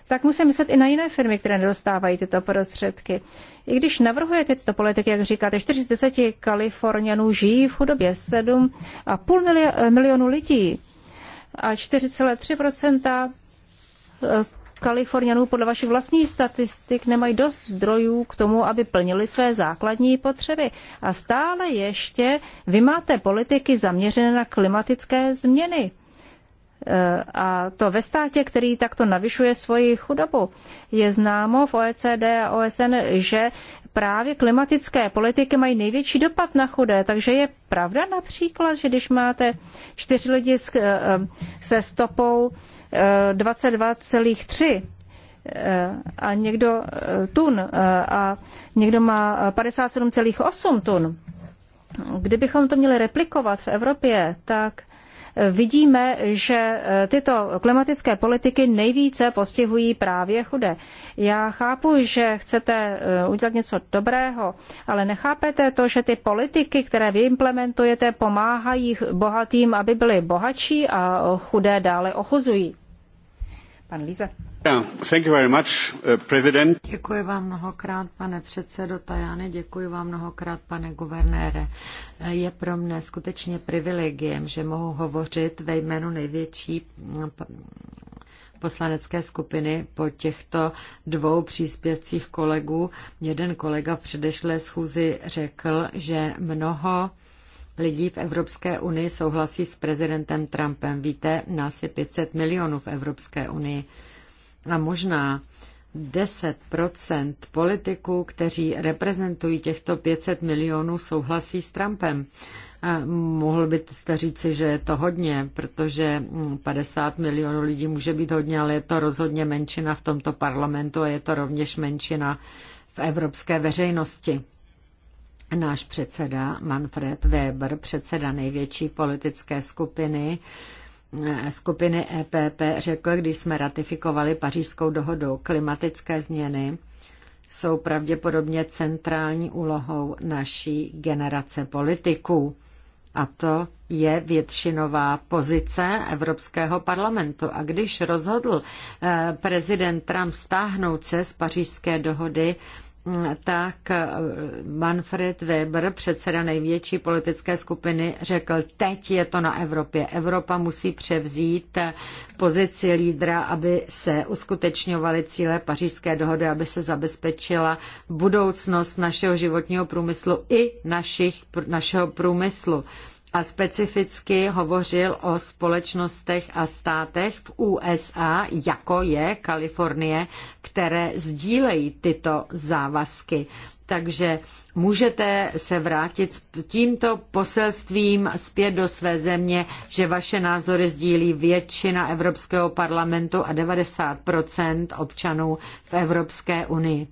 tak musím myslet i na jiné firmy, které nedostávají tyto prostředky. I když navrhujete tyto politiky, jak říkáte, 4 z 10 Kalifornianů žijí v chudobě, 7,5 milionu lidí a 4,3 eh, Kalifornianů podle vašich vlastních statistik nemají dost zdrojů k tomu, aby plnili své základní potřeby. A stále ještě vy máte politiky zaměřené na klimatické změny a to ve státě, který takto navyšuje svoji chudobu. Je známo v OECD a OSN, že právě klimatické politiky mají největší dopad na chudé, takže je pravda například, že když máte čtyři lidi eh, se stopou 22,3 eh, eh, a někdo tun a někdo má 57,8 tun, kdybychom to měli replikovat v Evropě, tak vidíme, že e, tyto klimatické politiky nejvíce postihují právě chudé. Já chápu, že chcete e, udělat něco dobrého, ale nechápete to, že ty politiky, které vy implementujete, pomáhají bohatým, aby byli bohatší a chudé dále ochuzují. Pan Líze. Uh, děkuji vám mnohokrát, pane předsedo Tajany, děkuji vám mnohokrát, pane guvernére. Je pro mne skutečně privilegiem, že mohu hovořit ve jménu největší mm, poslanecké skupiny po těchto dvou příspěvcích kolegů. Jeden kolega v předešlé schůzi řekl, že mnoho lidí v Evropské unii souhlasí s prezidentem Trumpem. Víte, nás je 500 milionů v Evropské unii. A možná 10 politiků, kteří reprezentují těchto 500 milionů, souhlasí s Trumpem. A mohl byste říci, že je to hodně, protože 50 milionů lidí může být hodně, ale je to rozhodně menšina v tomto parlamentu a je to rovněž menšina v evropské veřejnosti. Náš předseda Manfred Weber, předseda největší politické skupiny, eh, skupiny EPP, řekl, když jsme ratifikovali pařížskou dohodu klimatické změny, jsou pravděpodobně centrální úlohou naší generace politiků. A to je většinová pozice Evropského parlamentu. A když rozhodl eh, prezident Trump stáhnout se z pařížské dohody, tak eh, Manfred Weber, předseda největší politické skupiny, řekl, teď je to na Evropě. Evropa musí převzít eh, pozici lídra, aby se uskutečňovaly cíle pařížské dohody, aby se zabezpečila budoucnost našeho životního průmyslu i našich, našeho průmyslu a specificky hovořil o společnostech a státech v USA, jako je Kalifornie, které sdílejí tyto závazky. Takže můžete se vrátit s tímto poselstvím zpět do své země, že vaše názory sdílí většina Evropského parlamentu a 90 občanů v Evropské unii.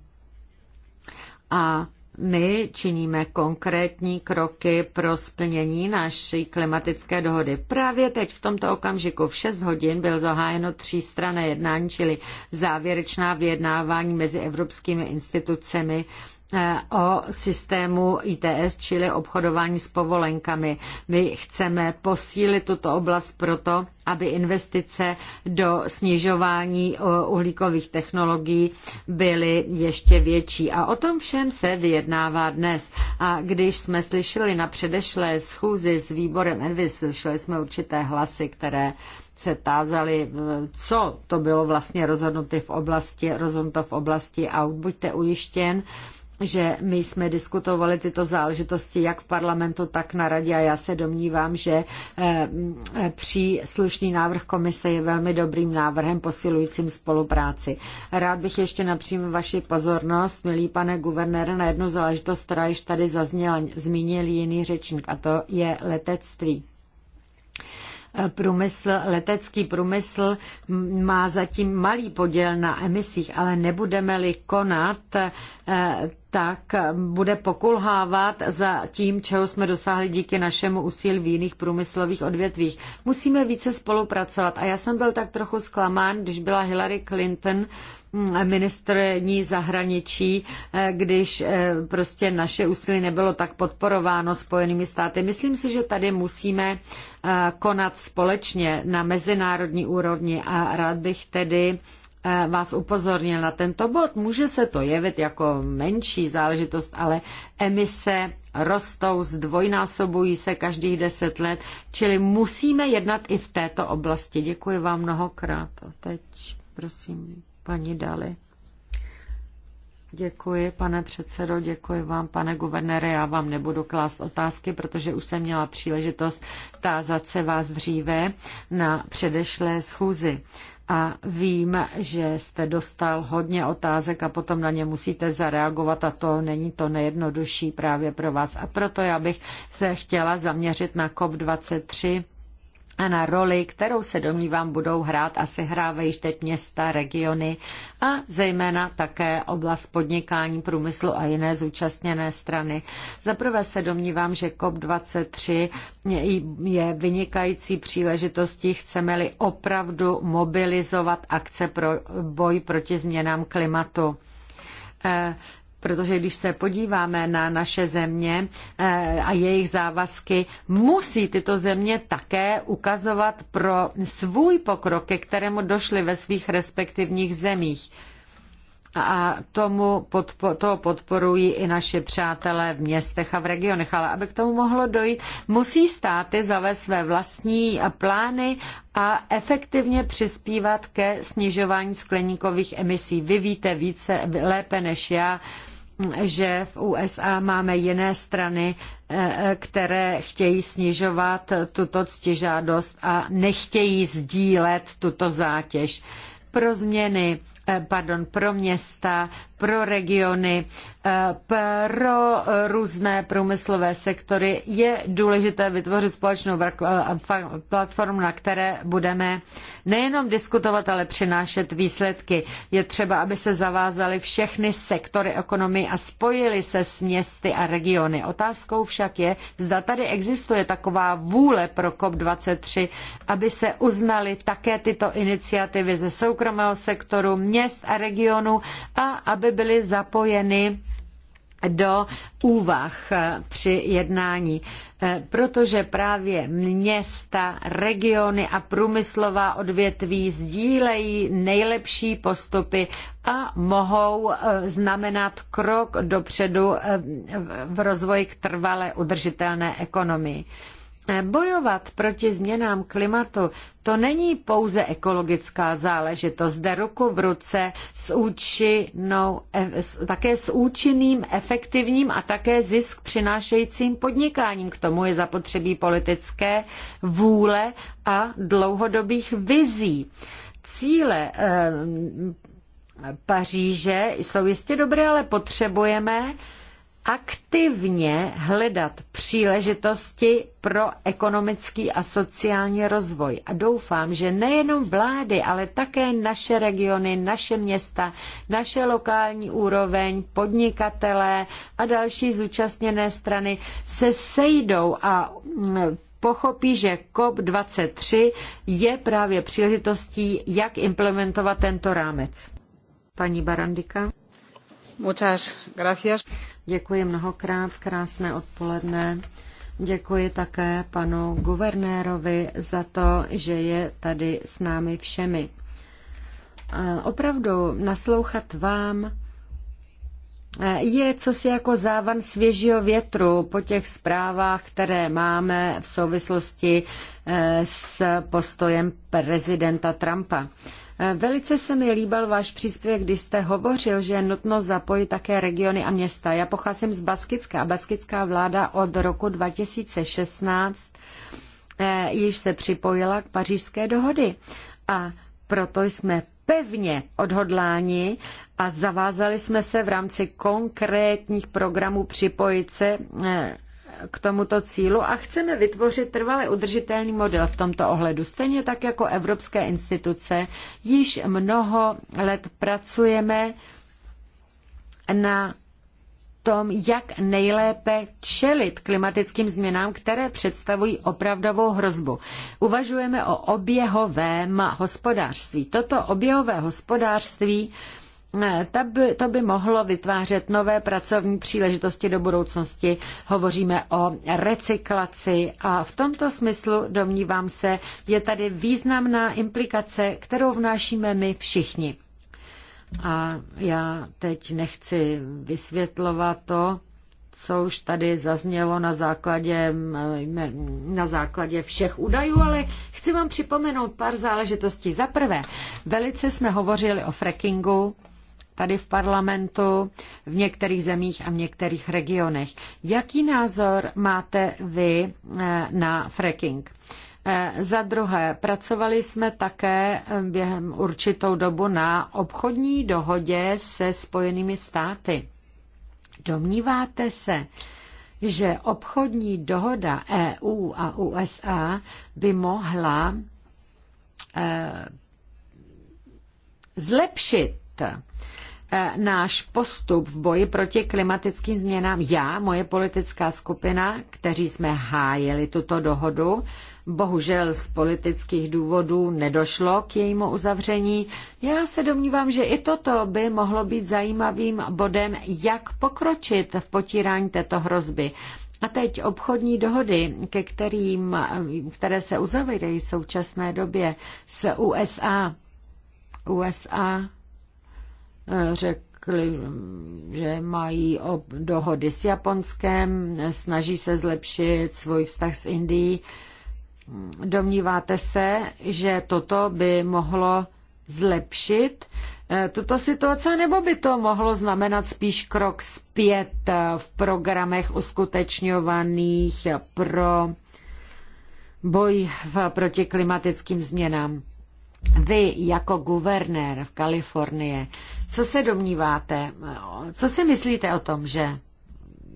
A my činíme konkrétní kroky pro splnění naší klimatické dohody. Právě teď v tomto okamžiku v 6 hodin byl zahájeno třístrané jednání, čili závěrečná vyjednávání mezi evropskými institucemi Eh, o systému ITS, čili obchodování s povolenkami. My chceme posílit tuto oblast proto, aby investice do snižování eh, uhlíkových technologií byly ještě větší. A o tom všem se vyjednává dnes. A když jsme slyšeli na předešlé schůzi s výborem Envis, slyšeli jsme určité hlasy, které se tázali, eh, co to bylo vlastně rozhodnuto v oblasti, rozhodnuto v oblasti aut. Buďte ujištěn, že my jsme diskutovali tyto záležitosti jak v parlamentu, tak na radě a já se domnívám, že eh, eh, příslušný návrh komise je velmi dobrým návrhem posilujícím spolupráci. Rád bych ještě napřím vaši pozornost, milý pane guvernére, na jednu záležitost, která již tady zazněla, zmínil jiný řečník, a to je letectví průmysl, letecký průmysl má zatím malý podíl na emisích, ale nebudeme-li konat, eh, tak bude pokulhávat za tím, čeho jsme dosáhli díky našemu úsilí v jiných průmyslových odvětvích. Musíme více spolupracovat a já jsem byl tak trochu zklamán, když byla Hillary Clinton ministrní zahraničí, eh, když eh, prostě naše úsilí nebylo tak podporováno Spojenými státy. Myslím si, že tady musíme eh, konat společně na mezinárodní úrovni a rád bych tedy vás upozornil na tento bod. Může se to jevit jako menší záležitost, ale emise rostou, zdvojnásobují se každých deset let, čili musíme jednat i v této oblasti. Děkuji vám mnohokrát. A teď prosím. Paní Dali. Děkuji, pane předsedo, děkuji vám, pane guvernére. Já vám nebudu klást otázky, protože už jsem měla příležitost tázat se vás dříve na předešlé schůzi. A vím, že jste dostal hodně otázek a potom na ně musíte zareagovat a to není to nejjednodušší právě pro vás. A proto já bych se chtěla zaměřit na COP23 a na roli, kterou se domnívám budou hrát a sehrávají teď města, regiony a zejména také oblast podnikání, průmyslu a jiné zúčastněné strany. Zaprvé se domnívám, že COP23 je vynikající příležitostí, chceme-li opravdu mobilizovat akce pro boj proti změnám klimatu Protože když se podíváme na naše země eh, a jejich závazky, musí tyto země také ukazovat pro svůj pokrok, ke kterému došly ve svých respektivních zemích a tomu podpo- to podporují i naši přátelé v městech a v regionech. Ale aby k tomu mohlo dojít, musí státy zavést své vlastní plány a efektivně přispívat ke snižování skleníkových emisí. Vy víte více, lépe než já, že v USA máme jiné strany, eh, které chtějí snižovat tuto ctižádost a nechtějí sdílet tuto zátěž. Pro změny Eh, pardon, pro města, pro regiony, eh, pro různé průmyslové sektory je důležité vytvořit společnou eh, platformu, na které budeme nejenom diskutovat, ale přinášet výsledky. Je třeba, aby se zavázaly všechny sektory ekonomii a spojily se s městy a regiony. Otázkou však je, zda tady existuje taková vůle pro COP23, aby se uznaly také tyto iniciativy ze soukromého sektoru, měst a regionu a aby aby byly zapojeny do úvah při jednání, eh, protože právě města, regiony a průmyslová odvětví sdílejí nejlepší postupy a mohou eh, znamenat krok dopředu eh, v rozvoji k trvale udržitelné ekonomii. Eh, bojovat proti změnám klimatu to není pouze ekologická záležitost, jde ruku v ruce s účinnou, eh, také s účinným, efektivním a také zisk přinášejícím podnikáním. K tomu je zapotřebí politické vůle a dlouhodobých vizí. Cíle eh, Paříže jsou jistě dobré, ale potřebujeme eh, aktivně hledat příležitosti pro ekonomický a sociální rozvoj. A doufám, že nejenom vlády, ale také naše regiony, naše města, naše lokální úroveň, podnikatelé a další zúčastněné strany se sejdou a mm, pochopí, že COP23 je právě příležitostí, jak implementovat tento rámec. Paní Barandika. Muchas gracias. Děkuji mnohokrát, krásné odpoledne. Děkuji také panu guvernérovi za to, že je tady s námi všemi. opravdu naslouchat vám je co si jako závan svěžího větru po těch zprávách, které máme v souvislosti eh, s postojem prezidenta Trumpa. Velice se mi líbil váš příspěvek, kdy jste hovořil, že je nutno zapojit také regiony a města. Já pocházím z baskické a baskická vláda od roku 2016 eh, již se připojila k pařížské dohody. A proto jsme pevně odhodláni a zavázali jsme se v rámci konkrétních programů připojit se eh, k tomuto cílu a chceme vytvořit trvale udržitelný model v tomto ohledu. Stejně tak jako evropské instituce již mnoho let pracujeme na tom, jak nejlépe čelit klimatickým změnám, které představují opravdovou hrozbu. Uvažujeme o oběhovém hospodářství. Toto oběhové hospodářství to by, to by mohlo vytvářet nové pracovní příležitosti do budoucnosti. Hovoříme o recyklaci a v tomto smyslu, domnívám se, je tady významná implikace, kterou vnášíme my všichni. A já teď nechci vysvětlovat to, co už tady zaznělo na základě, na základě všech údajů, ale chci vám připomenout pár záležitostí. Za prvé, velice jsme hovořili o frackingu, tady v parlamentu, v některých zemích a v některých regionech. Jaký názor máte vy eh, na fracking? Eh, za druhé, pracovali jsme také eh, během určitou dobu na obchodní dohodě se Spojenými státy. Domníváte se, že obchodní dohoda EU a USA by mohla zlepšit E, náš postup v boji proti klimatickým změnám. Já, moje politická skupina, kteří jsme hájili tuto dohodu, bohužel z politických důvodů nedošlo k jejímu uzavření. Já se domnívám, že i toto by mohlo být zajímavým bodem, jak pokročit v potírání této hrozby. A teď obchodní dohody, ke kterým, e, které se uzavírají v současné době s USA. USA řekli, že mají dohody s Japonskem, snaží se zlepšit svůj vztah s Indií. Domníváte se, že toto by mohlo zlepšit eh, tuto situaci, nebo by to mohlo znamenat spíš krok zpět v programech uskutečňovaných pro boj v, proti klimatickým změnám? Vy jako guvernér v Kalifornii, co se domníváte, co si myslíte o tom, že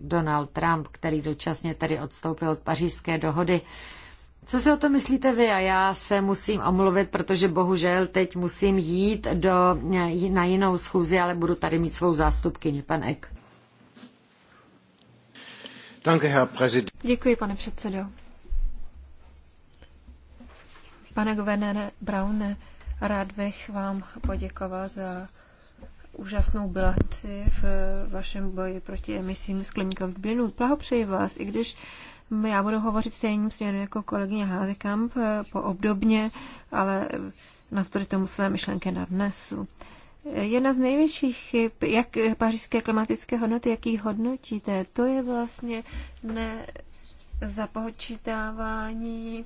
Donald Trump, který dočasně tady odstoupil od pařížské dohody, co si o to myslíte vy? A já se musím omluvit, protože bohužel teď musím jít do, na jinou schůzi, ale budu tady mít svou zástupkyni, pan Ek. Děkuji, pane předsedo. Pane guvernére Braune, rád bych vám poděkoval za úžasnou bilanci v vašem boji proti emisím skleníkových plynů. Blahopřeji vás, i když já budu hovořit stejným směrem jako kolegyně Házekamp, eh, po obdobně, ale navzdory tomu své myšlenky nadnesu. Jedna z největších chyb, jak pařížské klimatické hodnoty, jaký hodnotíte, to je vlastně ne započítávání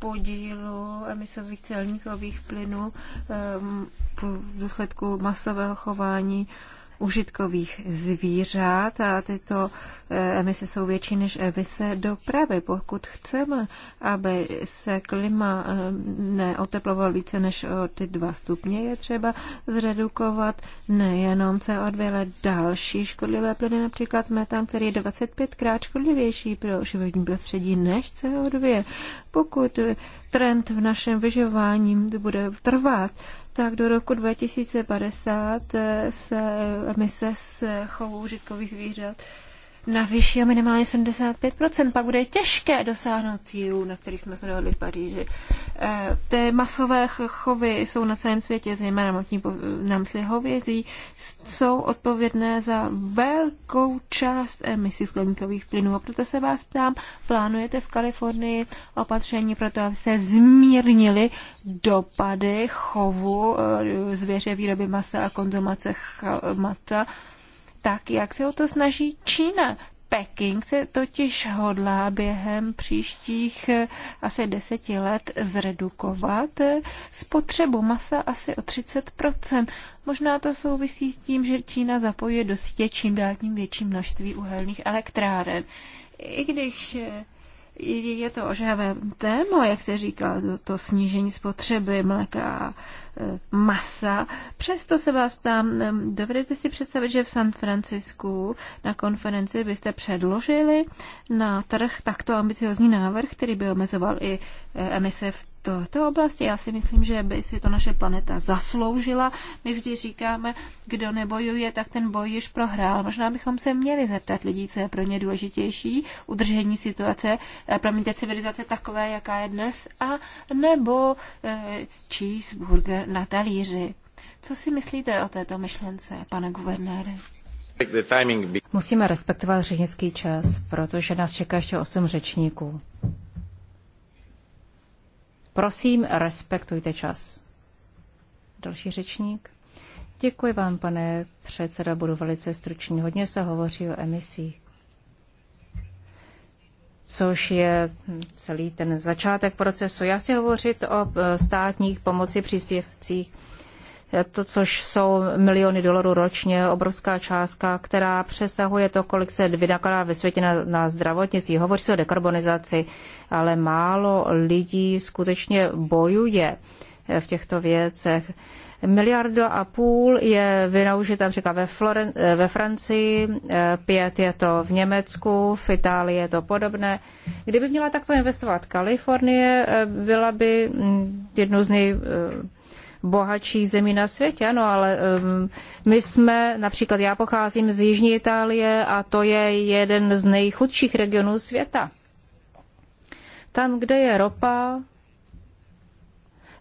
podílu emisových celníkových plynů eh, v důsledku masového chování užitkových zvířat a tyto eh, emise jsou větší než emise dopravy. Pokud chceme, aby se klima eh, neoteplovalo více než o ty dva stupně, je třeba zredukovat nejenom CO2, ale další škodlivé plyny, například metan, který je 25krát škodlivější pro životní prostředí než CO2. Pokud trend v našem vyžování bude trvat, tak do roku 2050 eh, se emise eh, z chovů žitkových zvířat na vyšší a minimálně 75%, pak bude těžké dosáhnout cílů, na který jsme se dohodli v Paříži. Eh, ty masové chovy jsou na celém světě, zejména motní na hovězí, jsou odpovědné za velkou část emisí skleníkových plynů. A proto se vás ptám, plánujete v Kalifornii opatření pro to, se zmírnili dopady chovu eh, zvěře výroby masa a konzumace mata tak, jak se o to snaží Čína. Peking se totiž hodlá během příštích eh, asi deseti let zredukovat eh, spotřebu masa asi o 30%. Možná to souvisí s tím, že Čína zapojuje do sítě čím dál tím větší množství uhelných elektráren. I když eh, je to ožavé téma, jak se říká, to, to snížení spotřeby mléka Eh, masa. Přesto se vás tam dovedete si představit, že v San Francisku na konferenci byste předložili na trh takto ambiciozní návrh, který by omezoval i eh, emise v této oblasti. Já si myslím, že by si to naše planeta zasloužila. My vždy říkáme, kdo nebojuje, tak ten boj již prohrál. Možná bychom se měli zeptat lidí, co je pro ně důležitější, udržení situace, eh, promiňte, civilizace takové, jaká je dnes, a nebo e, cheeseburger na talíři. Co si myslíte o této myšlence, pane guvernére? Musíme respektovat řečnický čas, protože nás čeká ještě osm řečníků. Prosím, respektujte čas. Další řečník. Děkuji vám, pane předseda, budu velice stručný. Hodně se hovoří o emisích což je celý ten začátek procesu. Já chci hovořit o e, státních pomoci příspěvcích, e, to, což jsou miliony dolarů ročně, obrovská částka, která přesahuje to, kolik se vynakládá ve světě na, na zdravotnictví. Hovoří se o dekarbonizaci, ale málo lidí skutečně bojuje e, v těchto věcech. Miliarda a půl je vynaužita například ve, Floren- ve Francii, eh, pět je to v Německu, v Itálii je to podobné. Kdyby měla takto investovat Kalifornie, eh, byla by mm, jednou z nej eh, zemí na světě, ano, ale um, my jsme, například já pocházím z Jižní Itálie a to je jeden z nejchudších regionů světa. Tam, kde je ropa,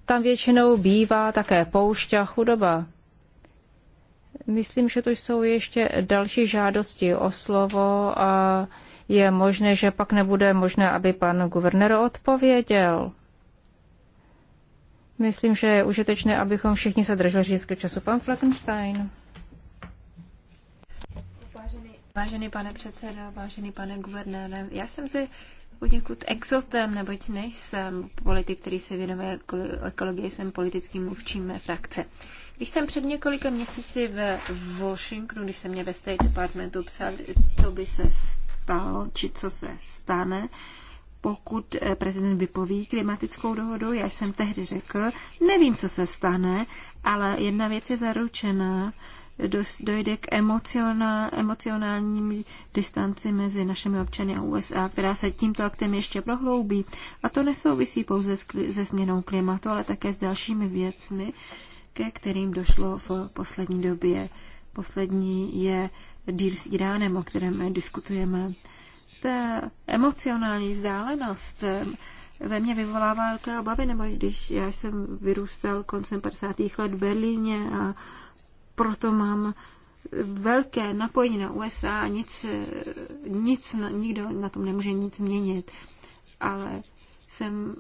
tam většinou bývá také poušť a chudoba. Myslím, že to jsou ještě další žádosti o slovo a je možné, že pak nebude možné, aby pan guvernér odpověděl. Myslím, že je užitečné, abychom všichni se drželi řízky času. Pan Flakenstein. Vážený, vážený pane předsedo, vážený pane guvernére, já jsem si poněkud exotem, neboť nejsem politik, který se věnuje ekologii, jsem politickým mluvčím mé frakce. Když jsem před několika měsíci ve Washingtonu, když jsem mě ve State Departmentu psal, co by se stalo, či co se stane, pokud eh, prezident vypoví klimatickou dohodu, já jsem tehdy řekl, nevím, co se stane, ale jedna věc je zaručená, dojde k emocionál, emocionálním distanci mezi našimi občany a USA, která se tímto aktem ještě prohloubí. A to nesouvisí pouze se změnou klimatu, ale také s dalšími věcmi, ke kterým došlo v poslední době. Poslední je díl s Iránem, o kterém diskutujeme. Ta emocionální vzdálenost ehm, ve mně vyvolává velké obavy, nebo když já jsem vyrůstal koncem 50. let v Berlíně a proto mám velké napojení na USA a nic, nic, nikdo na tom nemůže nic změnit. Ale jsem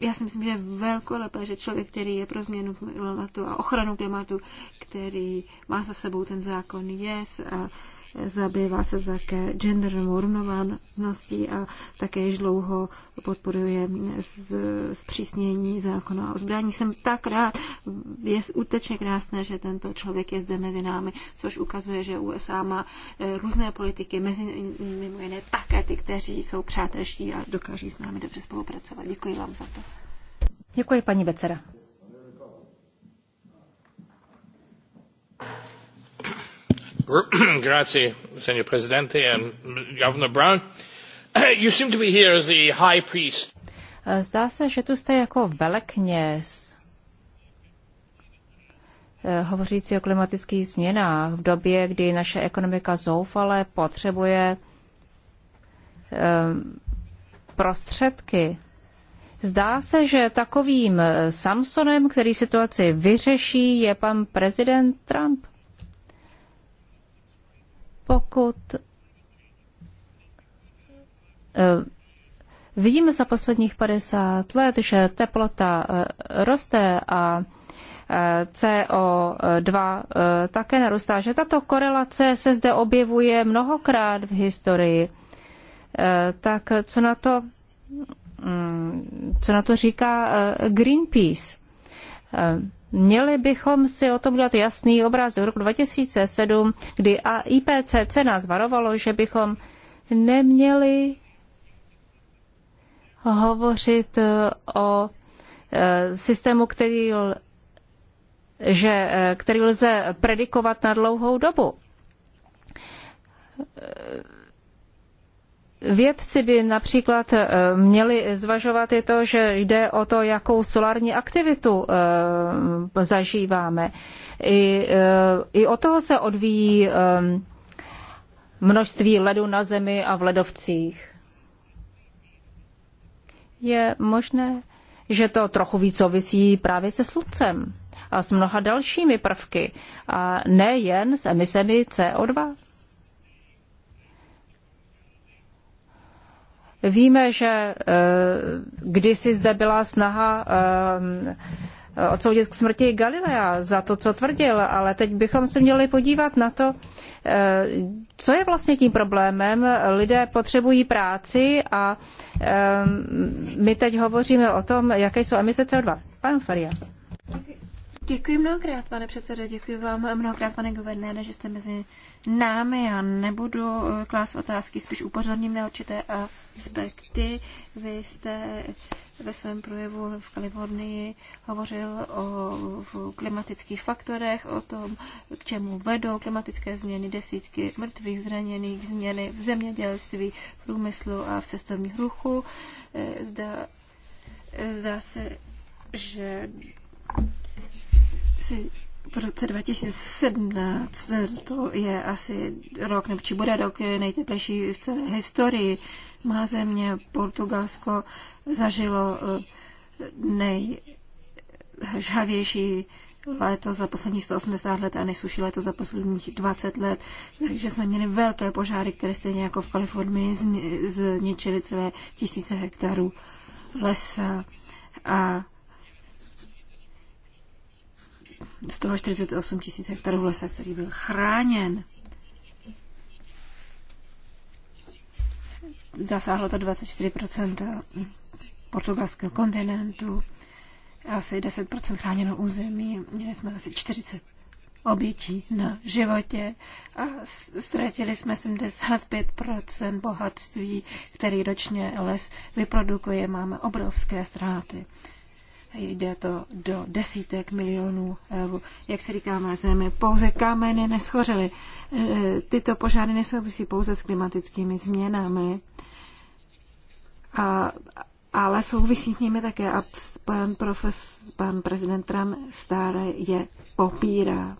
já si myslím, že je velkolepé, že člověk, který je pro změnu klimatu a ochranu klimatu, který má za sebou ten zákon je. yes, zabývá se také gender normovaností a také již dlouho podporuje z, zpřísnění zákona o zbraní. Jsem tak rád, je útečně krásné, že tento člověk je zde mezi námi, což ukazuje, že USA má eh, různé politiky, mezi mimo jiné také ty, kteří jsou přátelští a dokáží s námi dobře spolupracovat. Děkuji vám za to. Děkuji, paní Becera. Grazie, Senor Presidente and Governor Brown. you seem to be here as the high priest. Eh, zdá se, že tu jste jako velekněz eh, hovořící o klimatických změnách v době, kdy naše ekonomika zoufale potřebuje eh, prostředky. Zdá se, že takovým Samsonem, který situaci vyřeší, je pan prezident Trump. Pokud eh, vidíme za posledních 50 let, že teplota eh, roste a eh, CO2 také narůstá, že tato korelace se zde objevuje mnohokrát v historii. Tak co na to, mm, co na to říká Greenpeace? Měli bychom si o tom dát jasný obraz v roku 2007, kdy a IPCC nás varovalo, že bychom neměli hovořit e, o e, systému, který, že, e, který lze predikovat na dlouhou dobu Vědci by například eh, měli zvažovat i to, že jde o to, jakou solární aktivitu eh, zažíváme. I, eh, i od toho se odvíjí množství ledu na Zemi a v ledovcích. Je možné, že to trochu víc souvisí právě se sluncem a s mnoha dalšími prvky a nejen s emisemi CO2. Víme, že eh, kdysi zde byla snaha eh, odsoudit k smrti Galilea za to, co tvrdil, ale teď bychom se měli podívat na to, eh, co je vlastně tím problémem. Lidé potřebují práci a my teď hovoříme o tom, jaké jsou emise CO2. Pan Feria. Děkuji mnohokrát, pane předsedo, děkuji vám mnohokrát, pane guvernére, že jste mezi námi. Já nebudu klást otázky, spíš upozorním na určité a aspekty. Vy jste ve svém projevu v Kalifornii hovořil o klimatických faktorech, o tom, k čemu vedou klimatické změny, desítky mrtvých, zraněných, změny v zemědělství, v průmyslu a v cestovních ruchu. Eh, zda eh, zdá se, že si v roce 2017, eh, to je asi rok, nebo či bude rok nejteplejší v celé historii. Má země Portugalsko zažilo eh, nejžhavější léto za poslední 180 let a nejsuší léto za posledních 20 let. Takže jsme měli velké požáry, které stejně jako v Kalifornii zničily celé tisíce hektarů lesa. A z toho 48 tisíc hektarů lesa, který byl chráněn. Zasáhlo to 24 portugalského kontinentu, asi 10 chráněno území, měli jsme asi 40 obětí na životě a ztratili jsme 75 bohatství, který ročně les vyprodukuje. Máme obrovské ztráty. Jde to do desítek milionů eur. Jak se říká má zemi, pouze kameny neschořily. E, e, tyto požáry nesouvisí pouze s klimatickými změnami, a, ale souvisí s nimi také a pan, profes, pan prezident Trump stále je popírá.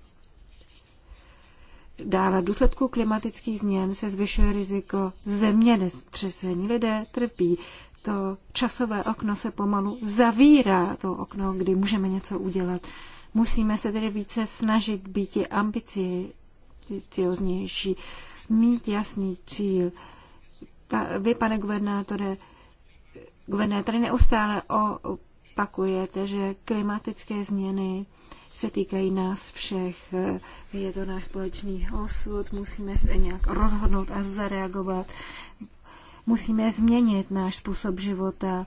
Dále důsledku klimatických změn se zvyšuje riziko zemětřesení. Lidé trpí to časové okno se pomalu zavírá, to okno, kdy můžeme něco udělat. Musíme se tedy více snažit být i ambicioznější, mít jasný cíl. Ta, vy, pane guvernátore, guvernér, tady neustále opakujete, že klimatické změny se týkají nás všech. Je to náš společný osud, musíme se nějak rozhodnout a zareagovat. Musíme změnit náš způsob života,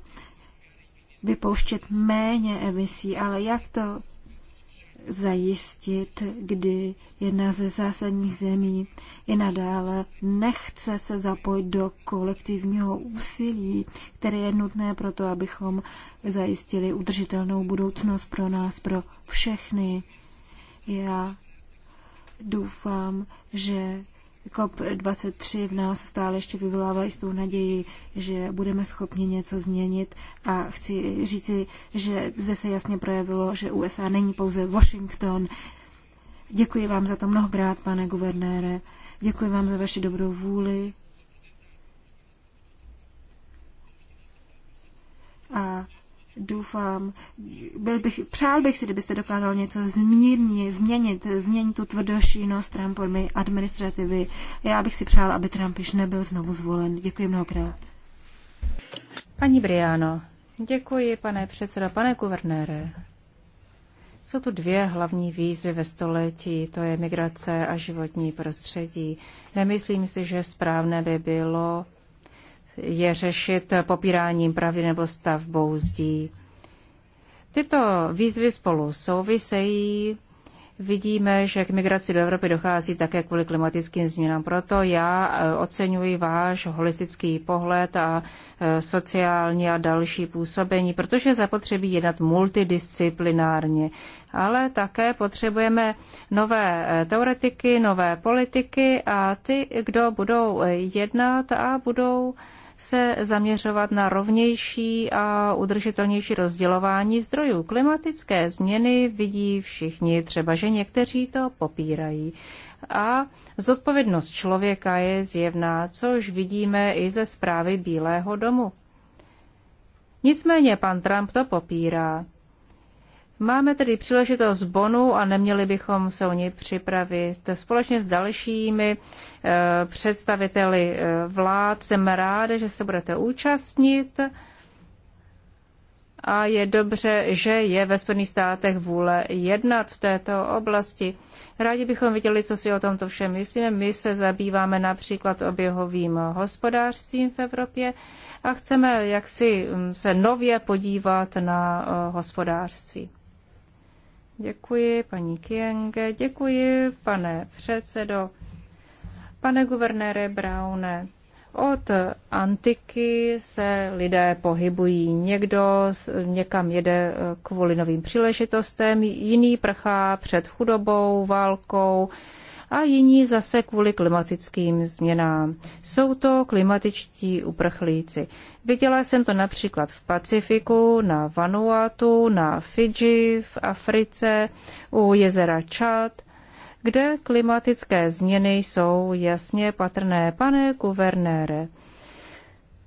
vypouštět méně emisí, ale jak to zajistit, kdy jedna ze zásadních zemí i nadále nechce se zapojit do kolektivního úsilí, které je nutné pro to, abychom zajistili udržitelnou budoucnost pro nás, pro všechny. Já doufám, že COP23 v nás stále ještě vyvolává tou naději, že budeme schopni něco změnit a chci říci, že zde se jasně projevilo, že USA není pouze Washington. Děkuji vám za to mnohokrát, pane guvernére. Děkuji vám za vaši dobrou vůli. A doufám, byl bych, přál bych si, kdybyste dokázal něco zmírnit, změnit, změnit tu tvrdošínost Trumpovy administrativy. Já bych si přál, aby Trump již nebyl znovu zvolen. Děkuji mnohokrát. Paní Briano, děkuji, pane předsedo, pane guvernére. Jsou tu dvě hlavní výzvy ve století, to je migrace a životní prostředí. Nemyslím si, že správné by bylo je řešit popíráním pravdy nebo stavbou zdí. Tyto výzvy spolu souvisejí. Vidíme, že k migraci do Evropy dochází také kvůli klimatickým změnám. Proto já e, oceňuji váš holistický pohled a e, sociální a další působení, protože zapotřebí jednat multidisciplinárně. Ale také potřebujeme nové e, teoretiky, nové politiky a ty, kdo budou jednat a budou se zaměřovat na rovnější a udržitelnější rozdělování zdrojů. Klimatické změny vidí všichni, třeba že někteří to popírají. A zodpovědnost člověka je zjevná, což vidíme i ze zprávy Bílého domu. Nicméně pan Trump to popírá. Máme tedy příležitost Bonu a neměli bychom se o ní připravit. Společně s dalšími e, představiteli eh, vlád jsem ráda, že se budete účastnit a je dobře, že je ve Spojených státech vůle jednat v této oblasti. Rádi bychom viděli, co si o tomto všem myslíme. My se zabýváme například oběhovým hospodářstvím v Evropě a chceme jaksi mm, se nově podívat na eh, hospodářství. Děkuji, paní Kienge. Děkuji, pane předsedo. Pane guvernére Browne, od antiky se lidé pohybují. Někdo někam jede eh, kvůli novým příležitostem, jiný prchá před chudobou, válkou, a jiní zase kvůli klimatickým změnám. Jsou to klimatičtí uprchlíci. Viděla jsem to například v Pacifiku, na Vanuatu, na Fidži, v Africe, u jezera Čad, kde klimatické změny jsou jasně patrné. Pane guvernére,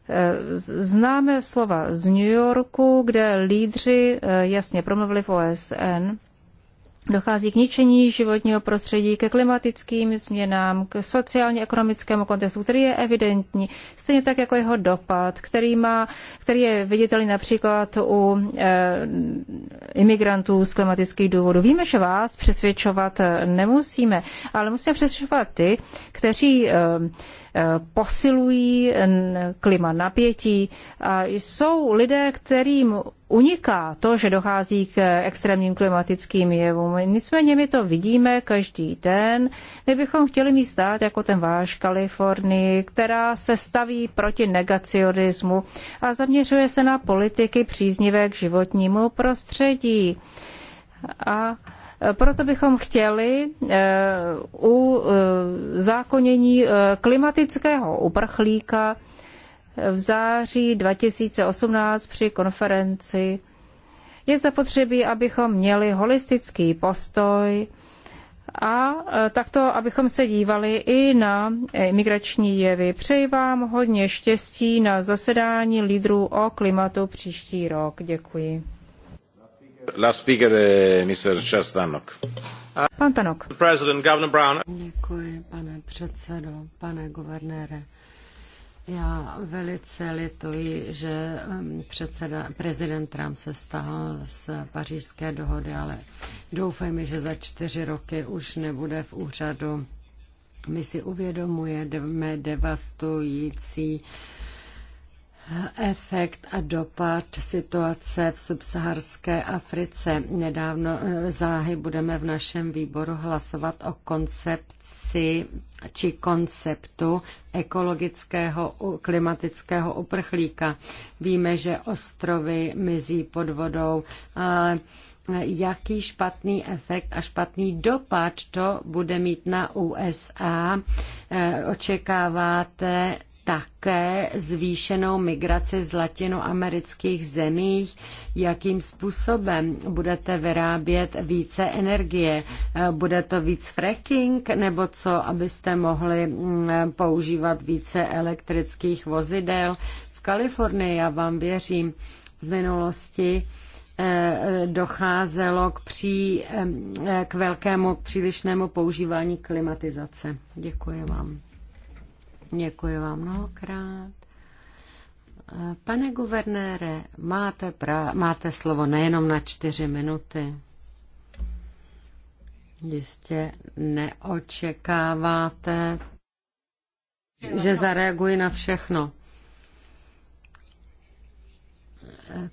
e, Známe slova z New Yorku, kde lídři e, jasně promluvili v OSN Dochází k ničení životního prostředí, ke klimatickým změnám, k sociálně-ekonomickému kontextu, který je evidentní, stejně tak jako jeho dopad, který, má, který je viditelný například u e, imigrantů z klimatických důvodů. Víme, že vás přesvědčovat nemusíme, ale musíme přesvědčovat ty, kteří e, posilují klima napětí. A jsou lidé, kterým uniká to, že dochází k extrémním klimatickým jevům. Nicméně my to vidíme každý den. My bychom chtěli mít stát jako ten váš Kalifornii, která se staví proti negacionismu a zaměřuje se na politiky příznivé k životnímu prostředí. A proto bychom chtěli eh, u eh, zákonění eh, klimatického uprchlíka v září 2018 při konferenci je zapotřebí, abychom měli holistický postoj a takto, abychom se dívali i na imigrační jevy. Přeji vám hodně štěstí na zasedání lídrů o klimatu příští rok. Děkuji. Eh, Pan Tanok. pane předsedo, pane guvernére. Já velice lituji, že předseda, prezident Trump se stáhl z pařížské dohody, ale doufejme, že za čtyři roky už nebude v úřadu. My si uvědomujeme devastující Efekt a dopad situace v subsaharské Africe. Nedávno eh, záhy budeme v našem výboru hlasovat o koncepci či konceptu ekologického klimatického uprchlíka. Víme, že ostrovy mizí pod vodou, ale eh, jaký špatný efekt a špatný dopad to bude mít na USA. Eh, očekáváte také zvýšenou migraci z latinoamerických zemí, jakým způsobem budete vyrábět více energie. Bude to víc fracking, nebo co, abyste mohli mm, používat více elektrických vozidel? V Kalifornii, já vám věřím, v minulosti eh, docházelo k, pří, eh, k velkému, k přílišnému používání klimatizace. Děkuji vám. Děkuji vám mnohokrát. Pane guvernére, máte, pra- máte slovo nejenom na čtyři minuty. Jistě neočekáváte, že zareaguji na všechno.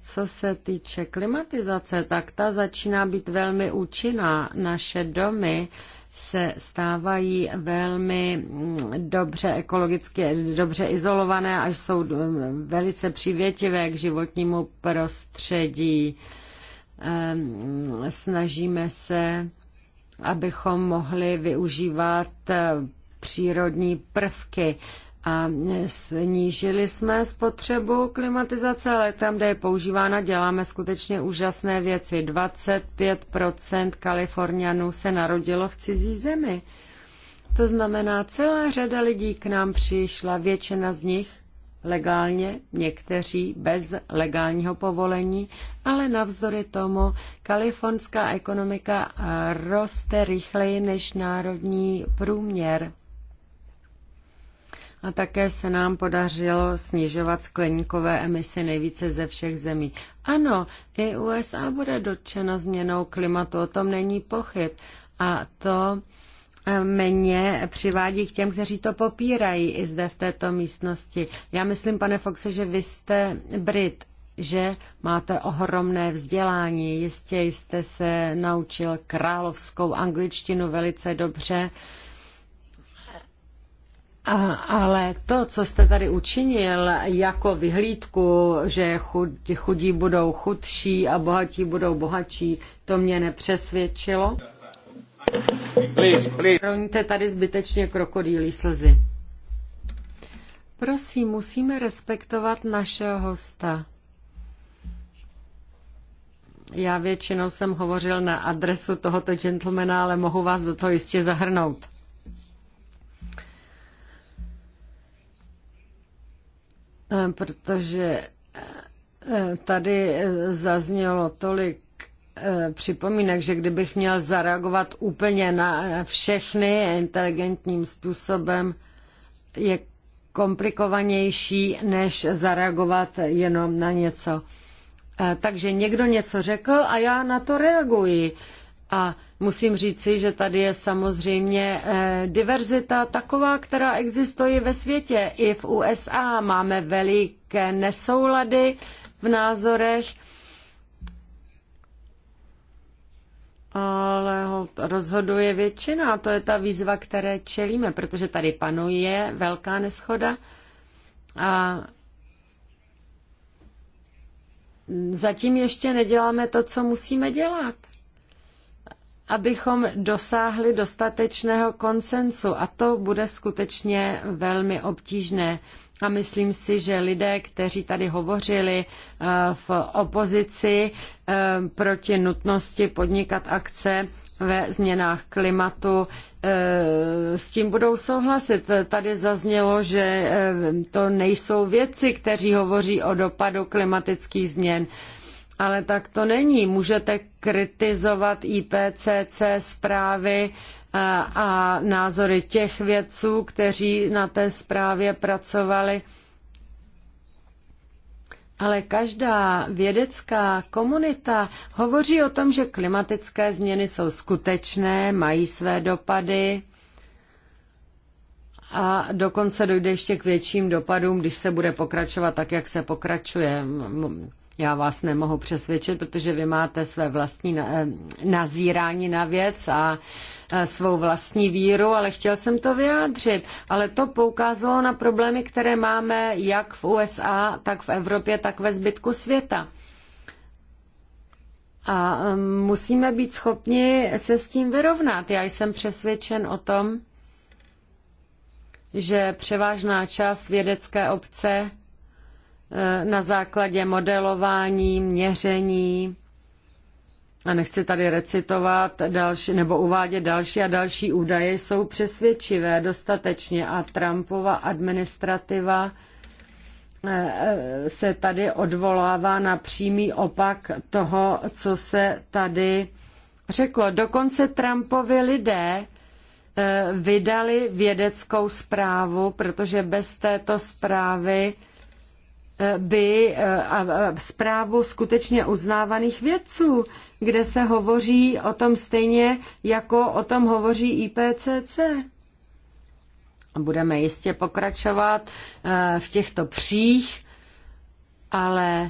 Co se týče klimatizace, tak ta začíná být velmi účinná. Naše domy se stávají velmi dobře ekologicky, dobře izolované, až jsou velice přivětivé k životnímu prostředí. Ehm, snažíme se, abychom mohli využívat přírodní prvky a snížili jsme spotřebu klimatizace, ale tam, kde je používána, děláme skutečně úžasné věci. 25% Kalifornianů se narodilo v cizí zemi. To znamená, celá řada lidí k nám přišla, většina z nich legálně, někteří bez legálního povolení, ale navzdory tomu kalifornská ekonomika roste rychleji než národní průměr. A také se nám podařilo snižovat skleníkové emise nejvíce ze všech zemí. Ano, i USA bude dotčeno změnou klimatu, o tom není pochyb. A to eh, mě přivádí k těm, kteří to popírají i zde v této místnosti. Já myslím, pane Foxe, že vy jste Brit, že máte ohromné vzdělání, jistě jste se naučil královskou angličtinu velice dobře. Uh, ale to, co jste tady učinil jako vyhlídku, že chudí budou chudší a bohatí budou bohatší, to mě nepřesvědčilo. Please, Proníte tady zbytečně krokodýlí slzy. Prosím, musíme respektovat našeho hosta. Já většinou jsem hovořil na adresu tohoto gentlemana, ale mohu vás do toho jistě zahrnout. Eh, protože eh, tady eh, zaznělo tolik připomínek, že kdybych měl zareagovat úplně na všechny inteligentním způsobem, je komplikovanější, než zareagovat jenom na něco. Takže někdo něco řekl a já na to reaguji. A musím říci, že tady je samozřejmě eh, diverzita taková, která existuje ve světě. I v USA máme veliké nesoulady v názorech, ale rozhoduje většina. To je ta výzva, které čelíme, protože tady panuje velká neschoda a zatím ještě neděláme to, co musíme dělat abychom dosáhli dostatečného konsensu a to bude skutečně velmi obtížné. A myslím si, že lidé, kteří tady hovořili eh, v opozici eh, proti nutnosti podnikat akce ve změnách klimatu, eh, s tím budou souhlasit. Tady zaznělo, že to nejsou věci, kteří hovoří o dopadu klimatických změn ale tak to není. Můžete kritizovat IPCC zprávy a, eh, a názory těch vědců, kteří na té zprávě pracovali. Ale každá vědecká komunita hovoří o tom, že klimatické změny jsou skutečné, mají své dopady a dokonce dojde ještě k větším dopadům, když se bude pokračovat tak, jak se pokračuje. Já vás nemohu přesvědčit, protože vy máte své vlastní eh, nazírání na věc a eh, svou vlastní víru, ale chtěl jsem to vyjádřit. Ale to poukázalo na problémy, které máme jak v USA, tak v Evropě, tak ve zbytku světa. A eh, musíme být schopni se s tím vyrovnat. Já jsem přesvědčen o tom, že převážná část vědecké obce na základě modelování, měření. A nechci tady recitovat další, nebo uvádět další a další údaje, jsou přesvědčivé dostatečně a Trumpova administrativa eh, eh, se tady odvolává na přímý opak toho, co se tady řeklo. Dokonce Trumpovi lidé eh, vydali vědeckou zprávu, protože bez této zprávy by eh, zprávu skutečně uznávaných vědců, kde se hovoří o tom stejně, jako o tom hovoří IPCC. Budeme jistě pokračovat eh, v těchto přích, ale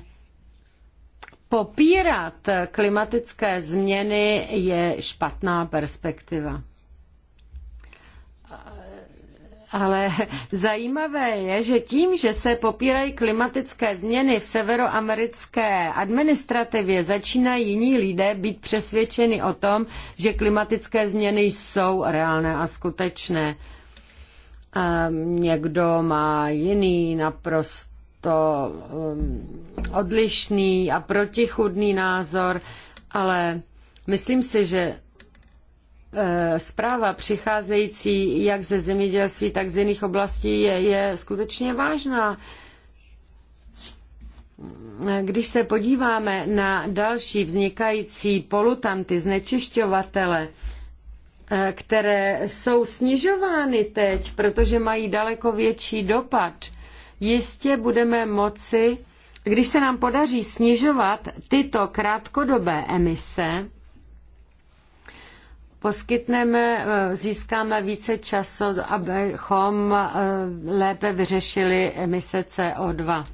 popírat eh, klimatické změny je špatná perspektiva ale zajímavé je, že tím, že se popírají klimatické změny v severoamerické administrativě, začínají jiní lidé být přesvědčeni o tom, že klimatické změny jsou reálné a skutečné. Um, někdo má jiný naprosto um, odlišný a protichudný názor, ale myslím si, že Eh, zpráva přicházející jak ze zemědělství, tak z jiných oblastí je, je skutečně vážná. Eh, když se podíváme na další vznikající polutanty, znečišťovatele, eh, které jsou snižovány teď, protože mají daleko větší dopad, jistě budeme moci, když se nám podaří snižovat tyto krátkodobé emise, poskytneme, eh, získáme více času, abychom eh, lépe vyřešili emise CO2.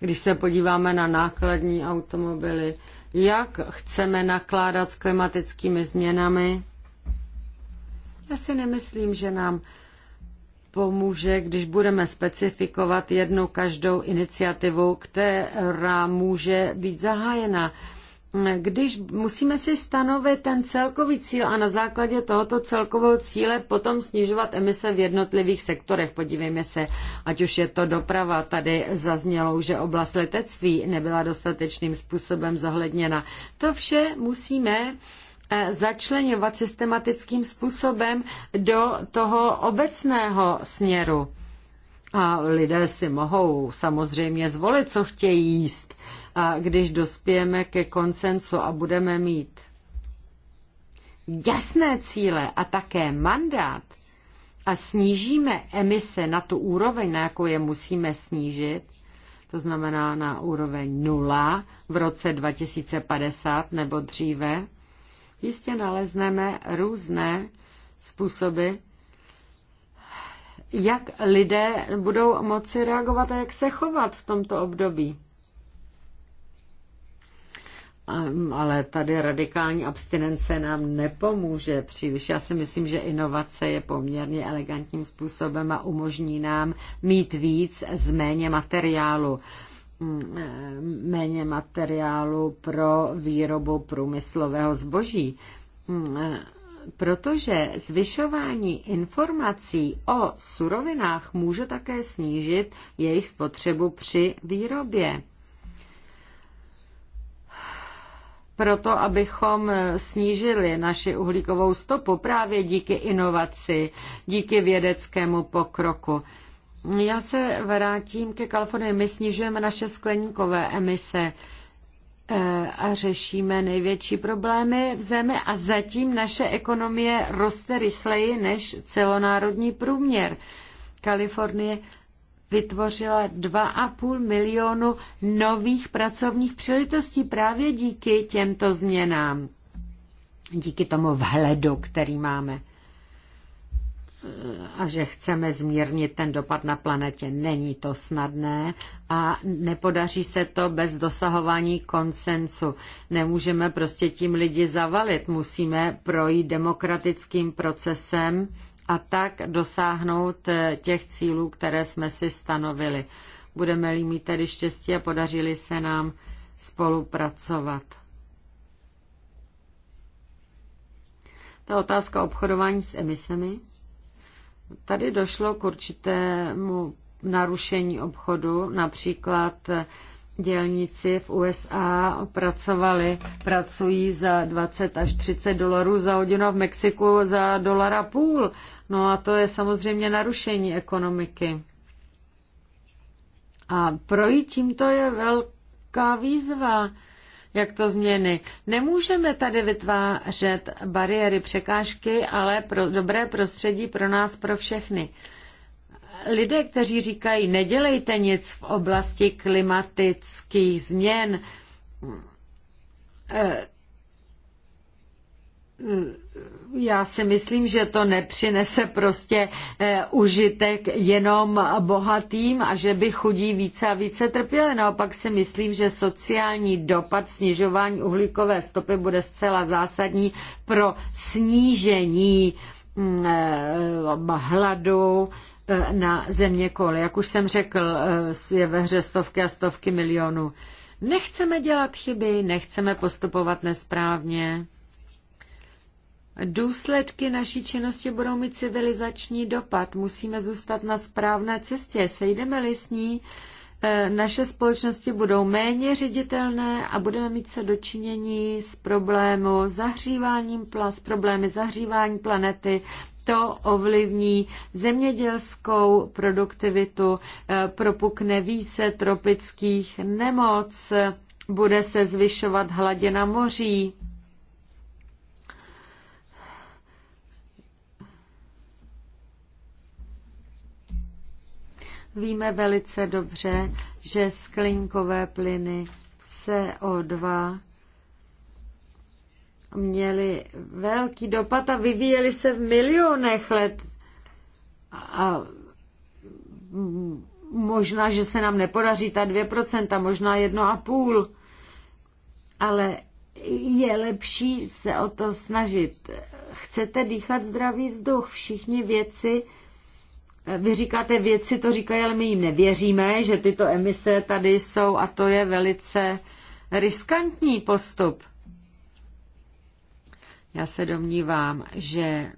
Když se podíváme na nákladní automobily, jak chceme nakládat s klimatickými změnami? Já si nemyslím, že nám pomůže, když budeme specifikovat jednu každou iniciativu, která může být zahájena když musíme si stanovit ten celkový cíl a na základě tohoto celkového cíle potom snižovat emise v jednotlivých sektorech. Podívejme se, ať už je to doprava, tady zaznělo, že oblast letectví nebyla dostatečným způsobem zohledněna. To vše musíme eh, začleněvat systematickým způsobem do toho obecného směru a lidé si mohou samozřejmě zvolit, co chtějí jíst. A když dospějeme ke koncensu a budeme mít jasné cíle a také mandát a snížíme emise na tu úroveň, na jakou je musíme snížit, to znamená na úroveň nula v roce 2050 nebo dříve, jistě nalezneme různé způsoby, jak lidé budou moci reagovat a jak se chovat v tomto období. Ehm, ale tady radikální abstinence nám nepomůže příliš. Já si myslím, že inovace je poměrně elegantním způsobem a umožní nám mít víc z méně materiálu. Mm, ehm, méně materiálu pro výrobu průmyslového zboží mm, ehm, protože zvyšování informací o surovinách může také snížit jejich spotřebu při výrobě. Proto, abychom snížili naši uhlíkovou stopu právě díky inovaci, díky vědeckému pokroku. Já se vrátím ke Kalifornii. My snižujeme naše skleníkové emise. Eh, a řešíme největší problémy v zemi a zatím naše ekonomie roste rychleji než celonárodní průměr. Kalifornie vytvořila 2,5 milionu nových pracovních příležitostí právě díky těmto změnám. Díky tomu vhledu, který máme a že chceme zmírnit ten dopad na planetě. Není to snadné a nepodaří se to bez dosahování konsensu. Nemůžeme prostě tím lidi zavalit, musíme projít demokratickým procesem a tak dosáhnout eh, těch cílů, které jsme si stanovili. Budeme-li mít tedy štěstí a podařili se nám spolupracovat. Ta otázka obchodování s emisemi. Tady došlo k určitému narušení obchodu, například dělníci v USA pracovali, pracují za 20 až 30 dolarů za hodinu a v Mexiku za dolara půl. No a to je samozřejmě narušení ekonomiky. A projít tímto je velká výzva jak to změny. Nemůžeme tady vytvářet bariéry, překážky, ale pro dobré prostředí pro nás, pro všechny. Lidé, kteří říkají, nedělejte nic v oblasti klimatických změn, eh, já si myslím, že to nepřinese prostě eh, užitek jenom bohatým a že by chudí více a více trpěli. Naopak si myslím, že sociální dopad snižování uhlíkové stopy bude zcela zásadní pro snížení mm, eh, hladu eh, na země kol. Jak už jsem řekl, eh, je ve hře stovky a stovky milionů. Nechceme dělat chyby, nechceme postupovat nesprávně. Důsledky naší činnosti budou mít civilizační dopad. Musíme zůstat na správné cestě. Sejdeme-li s ní, eh, naše společnosti budou méně ředitelné a budeme mít se dočinění s problému zahříváním s problémy zahřívání planety. To ovlivní zemědělskou produktivitu, eh, propukne více tropických nemoc, bude se zvyšovat hladina moří. Víme velice dobře, že sklinkové plyny CO2 měly velký dopad a vyvíjely se v milionech let. A možná, že se nám nepodaří ta 2%, možná 1,5%, ale je lepší se o to snažit. Chcete dýchat zdravý vzduch. Všichni věci Eh, vy říkáte, věci to říkají, ale my jim nevěříme, že tyto emise tady jsou a to je velice riskantní postup. Já se domnívám, že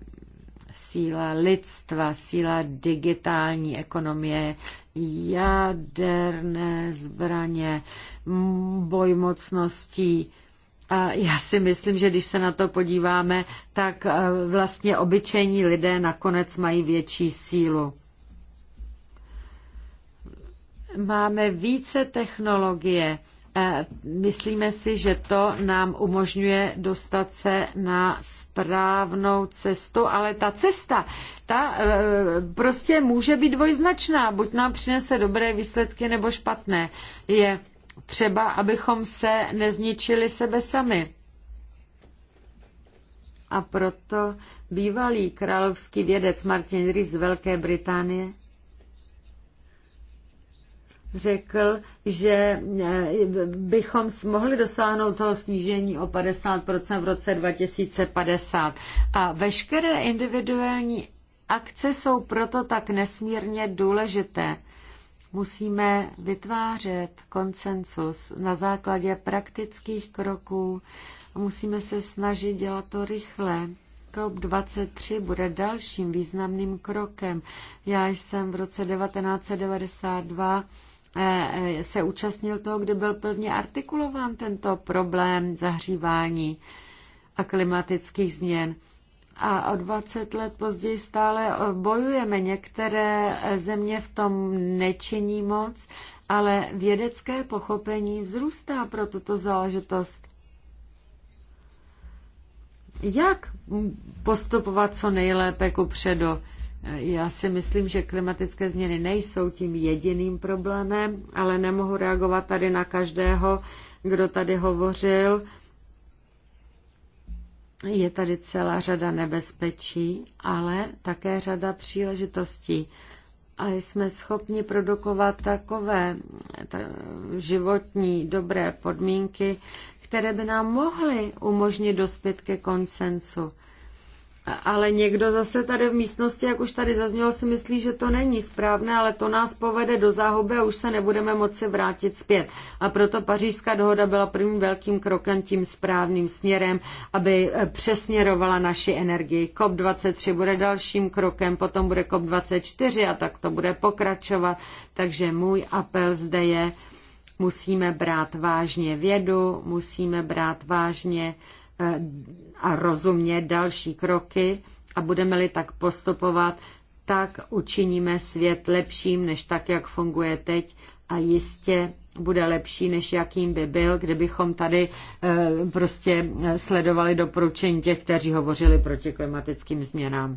síla lidstva, síla digitální ekonomie, jaderné zbraně, boj mocností, a já si myslím, že když se na to podíváme, tak eh, vlastně obyčejní lidé nakonec mají větší sílu. Máme více technologie. Eh, myslíme si, že to nám umožňuje dostat se na správnou cestu, ale ta cesta, ta eh, prostě může být dvojznačná, buď nám přinese dobré výsledky nebo špatné. Je třeba, abychom se nezničili sebe sami. A proto bývalý královský vědec Martin Rys z Velké Británie řekl, že eh, bychom mohli dosáhnout toho snížení o 50% v roce 2050. A veškeré individuální akce jsou proto tak nesmírně důležité. Musíme vytvářet koncensus na základě praktických kroků a musíme se snažit dělat to rychle. COP23 bude dalším významným krokem. Já jsem v roce 1992 eh, eh, se účastnil toho, kdy byl plně artikulován tento problém zahřívání a klimatických změn a o 20 let později stále eh, bojujeme. Některé eh, země v tom nečiní moc, ale vědecké pochopení vzrůstá pro tuto záležitost. Jak postupovat co nejlépe ku předu? Eh, já si myslím, že klimatické změny nejsou tím jediným problémem, ale nemohu reagovat tady na každého, kdo tady hovořil je tady celá řada nebezpečí, ale také řada příležitostí. A jsme schopni produkovat takové ta, životní dobré podmínky, které by nám mohly umožnit dospět ke konsensu. Ale někdo zase tady v místnosti, jak už tady zaznělo, si myslí, že to není správné, ale to nás povede do záhoby. a už se nebudeme moci vrátit zpět. A proto pařížská dohoda byla prvním velkým krokem tím správným směrem, aby eh, přesměrovala naši energii. COP23 bude dalším krokem, potom bude COP24 a tak to bude pokračovat. Takže můj apel zde je, musíme brát vážně vědu, musíme brát vážně a rozumně další kroky a budeme-li tak postupovat, tak učiníme svět lepším než tak, jak funguje teď a jistě bude lepší, než jakým by byl, kdybychom tady eh, prostě eh, sledovali doporučení těch, kteří hovořili proti klimatickým změnám.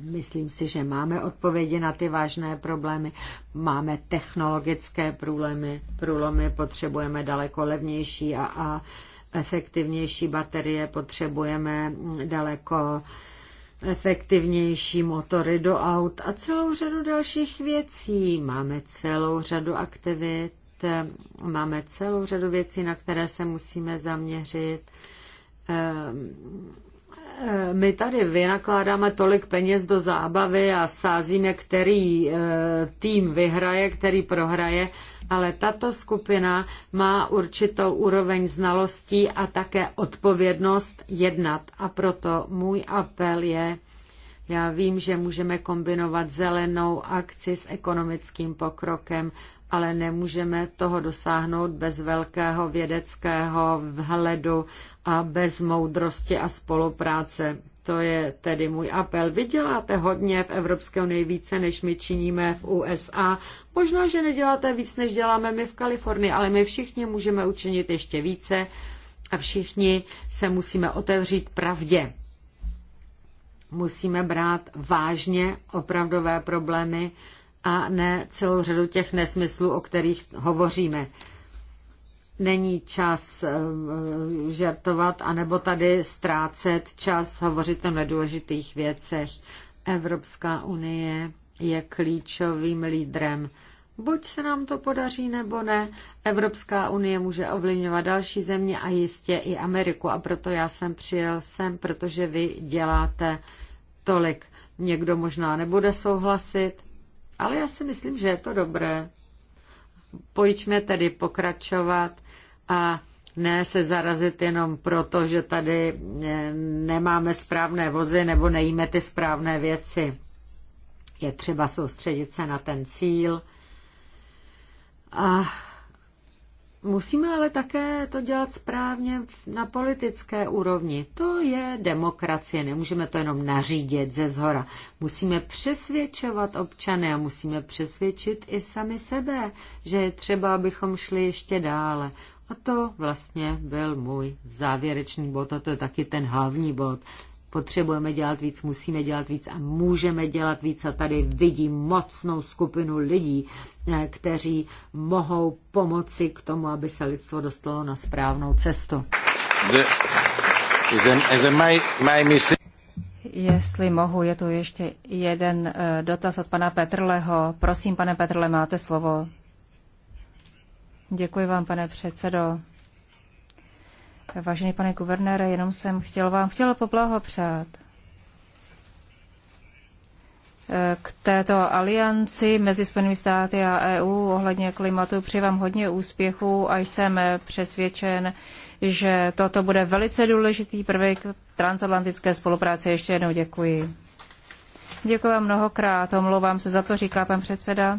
Myslím si, že máme odpovědi na ty vážné problémy, máme technologické průlomy, průlomy potřebujeme daleko levnější a, a efektivnější baterie, potřebujeme daleko efektivnější motory do aut a celou řadu dalších věcí. Máme celou řadu aktivit, máme celou řadu věcí, na které se musíme zaměřit. Ehm, Eh, my tady vynakládáme tolik peněz do zábavy a sázíme, který eh, tým vyhraje, který prohraje, ale tato skupina má určitou úroveň znalostí a také odpovědnost jednat. A proto můj apel je, já vím, že můžeme kombinovat zelenou akci s ekonomickým pokrokem, ale nemůžeme toho dosáhnout bez velkého vědeckého vhledu a bez moudrosti a spolupráce. To je tedy můj apel. Vy děláte hodně v Evropské unii více, než my činíme v USA. Možná, že neděláte víc, než děláme my v Kalifornii, ale my všichni můžeme učinit ještě více a všichni se musíme otevřít pravdě. Musíme brát vážně opravdové problémy a ne celou řadu těch nesmyslů, o kterých hovoříme. Není čas eh, žertovat, anebo tady ztrácet čas, hovořit o nedůležitých věcech. Evropská unie je klíčovým lídrem. Buď se nám to podaří, nebo ne. Evropská unie může ovlivňovat další země a jistě i Ameriku. A proto já jsem přijel sem, protože vy děláte tolik. Někdo možná nebude souhlasit, ale já si myslím, že je to dobré. Pojďme tedy pokračovat a ne se zarazit jenom proto, že tady eh, nemáme správné vozy nebo nejíme ty správné věci. Je třeba soustředit se na ten cíl a Musíme ale také to dělat správně na politické úrovni. To je demokracie, nemůžeme to jenom nařídit ze zhora. Musíme přesvědčovat občany a musíme přesvědčit i sami sebe, že je třeba, abychom šli ještě dále. A to vlastně byl můj závěrečný bod a to je taky ten hlavní bod potřebujeme dělat víc, musíme dělat víc a můžeme dělat víc. A tady vidím mocnou skupinu lidí, eh, kteří mohou pomoci k tomu, aby se lidstvo dostalo na správnou cestu. Jestli mohu, je tu ještě jeden eh, dotaz od pana Petrleho. Prosím, pane Petrle, máte slovo. Děkuji vám, pane předsedo. Vážený pane guvernére, jenom jsem chtěl vám chtěl poblahopřát eh, k této alianci mezi Spojenými státy a EU ohledně klimatu. Přeji vám hodně úspěchů a jsem eh, přesvědčen, že toto bude velice důležitý prvek transatlantické spolupráce. Ještě jednou děkuji. Děkuji vám mnohokrát, omlouvám se za to, říká pan předseda.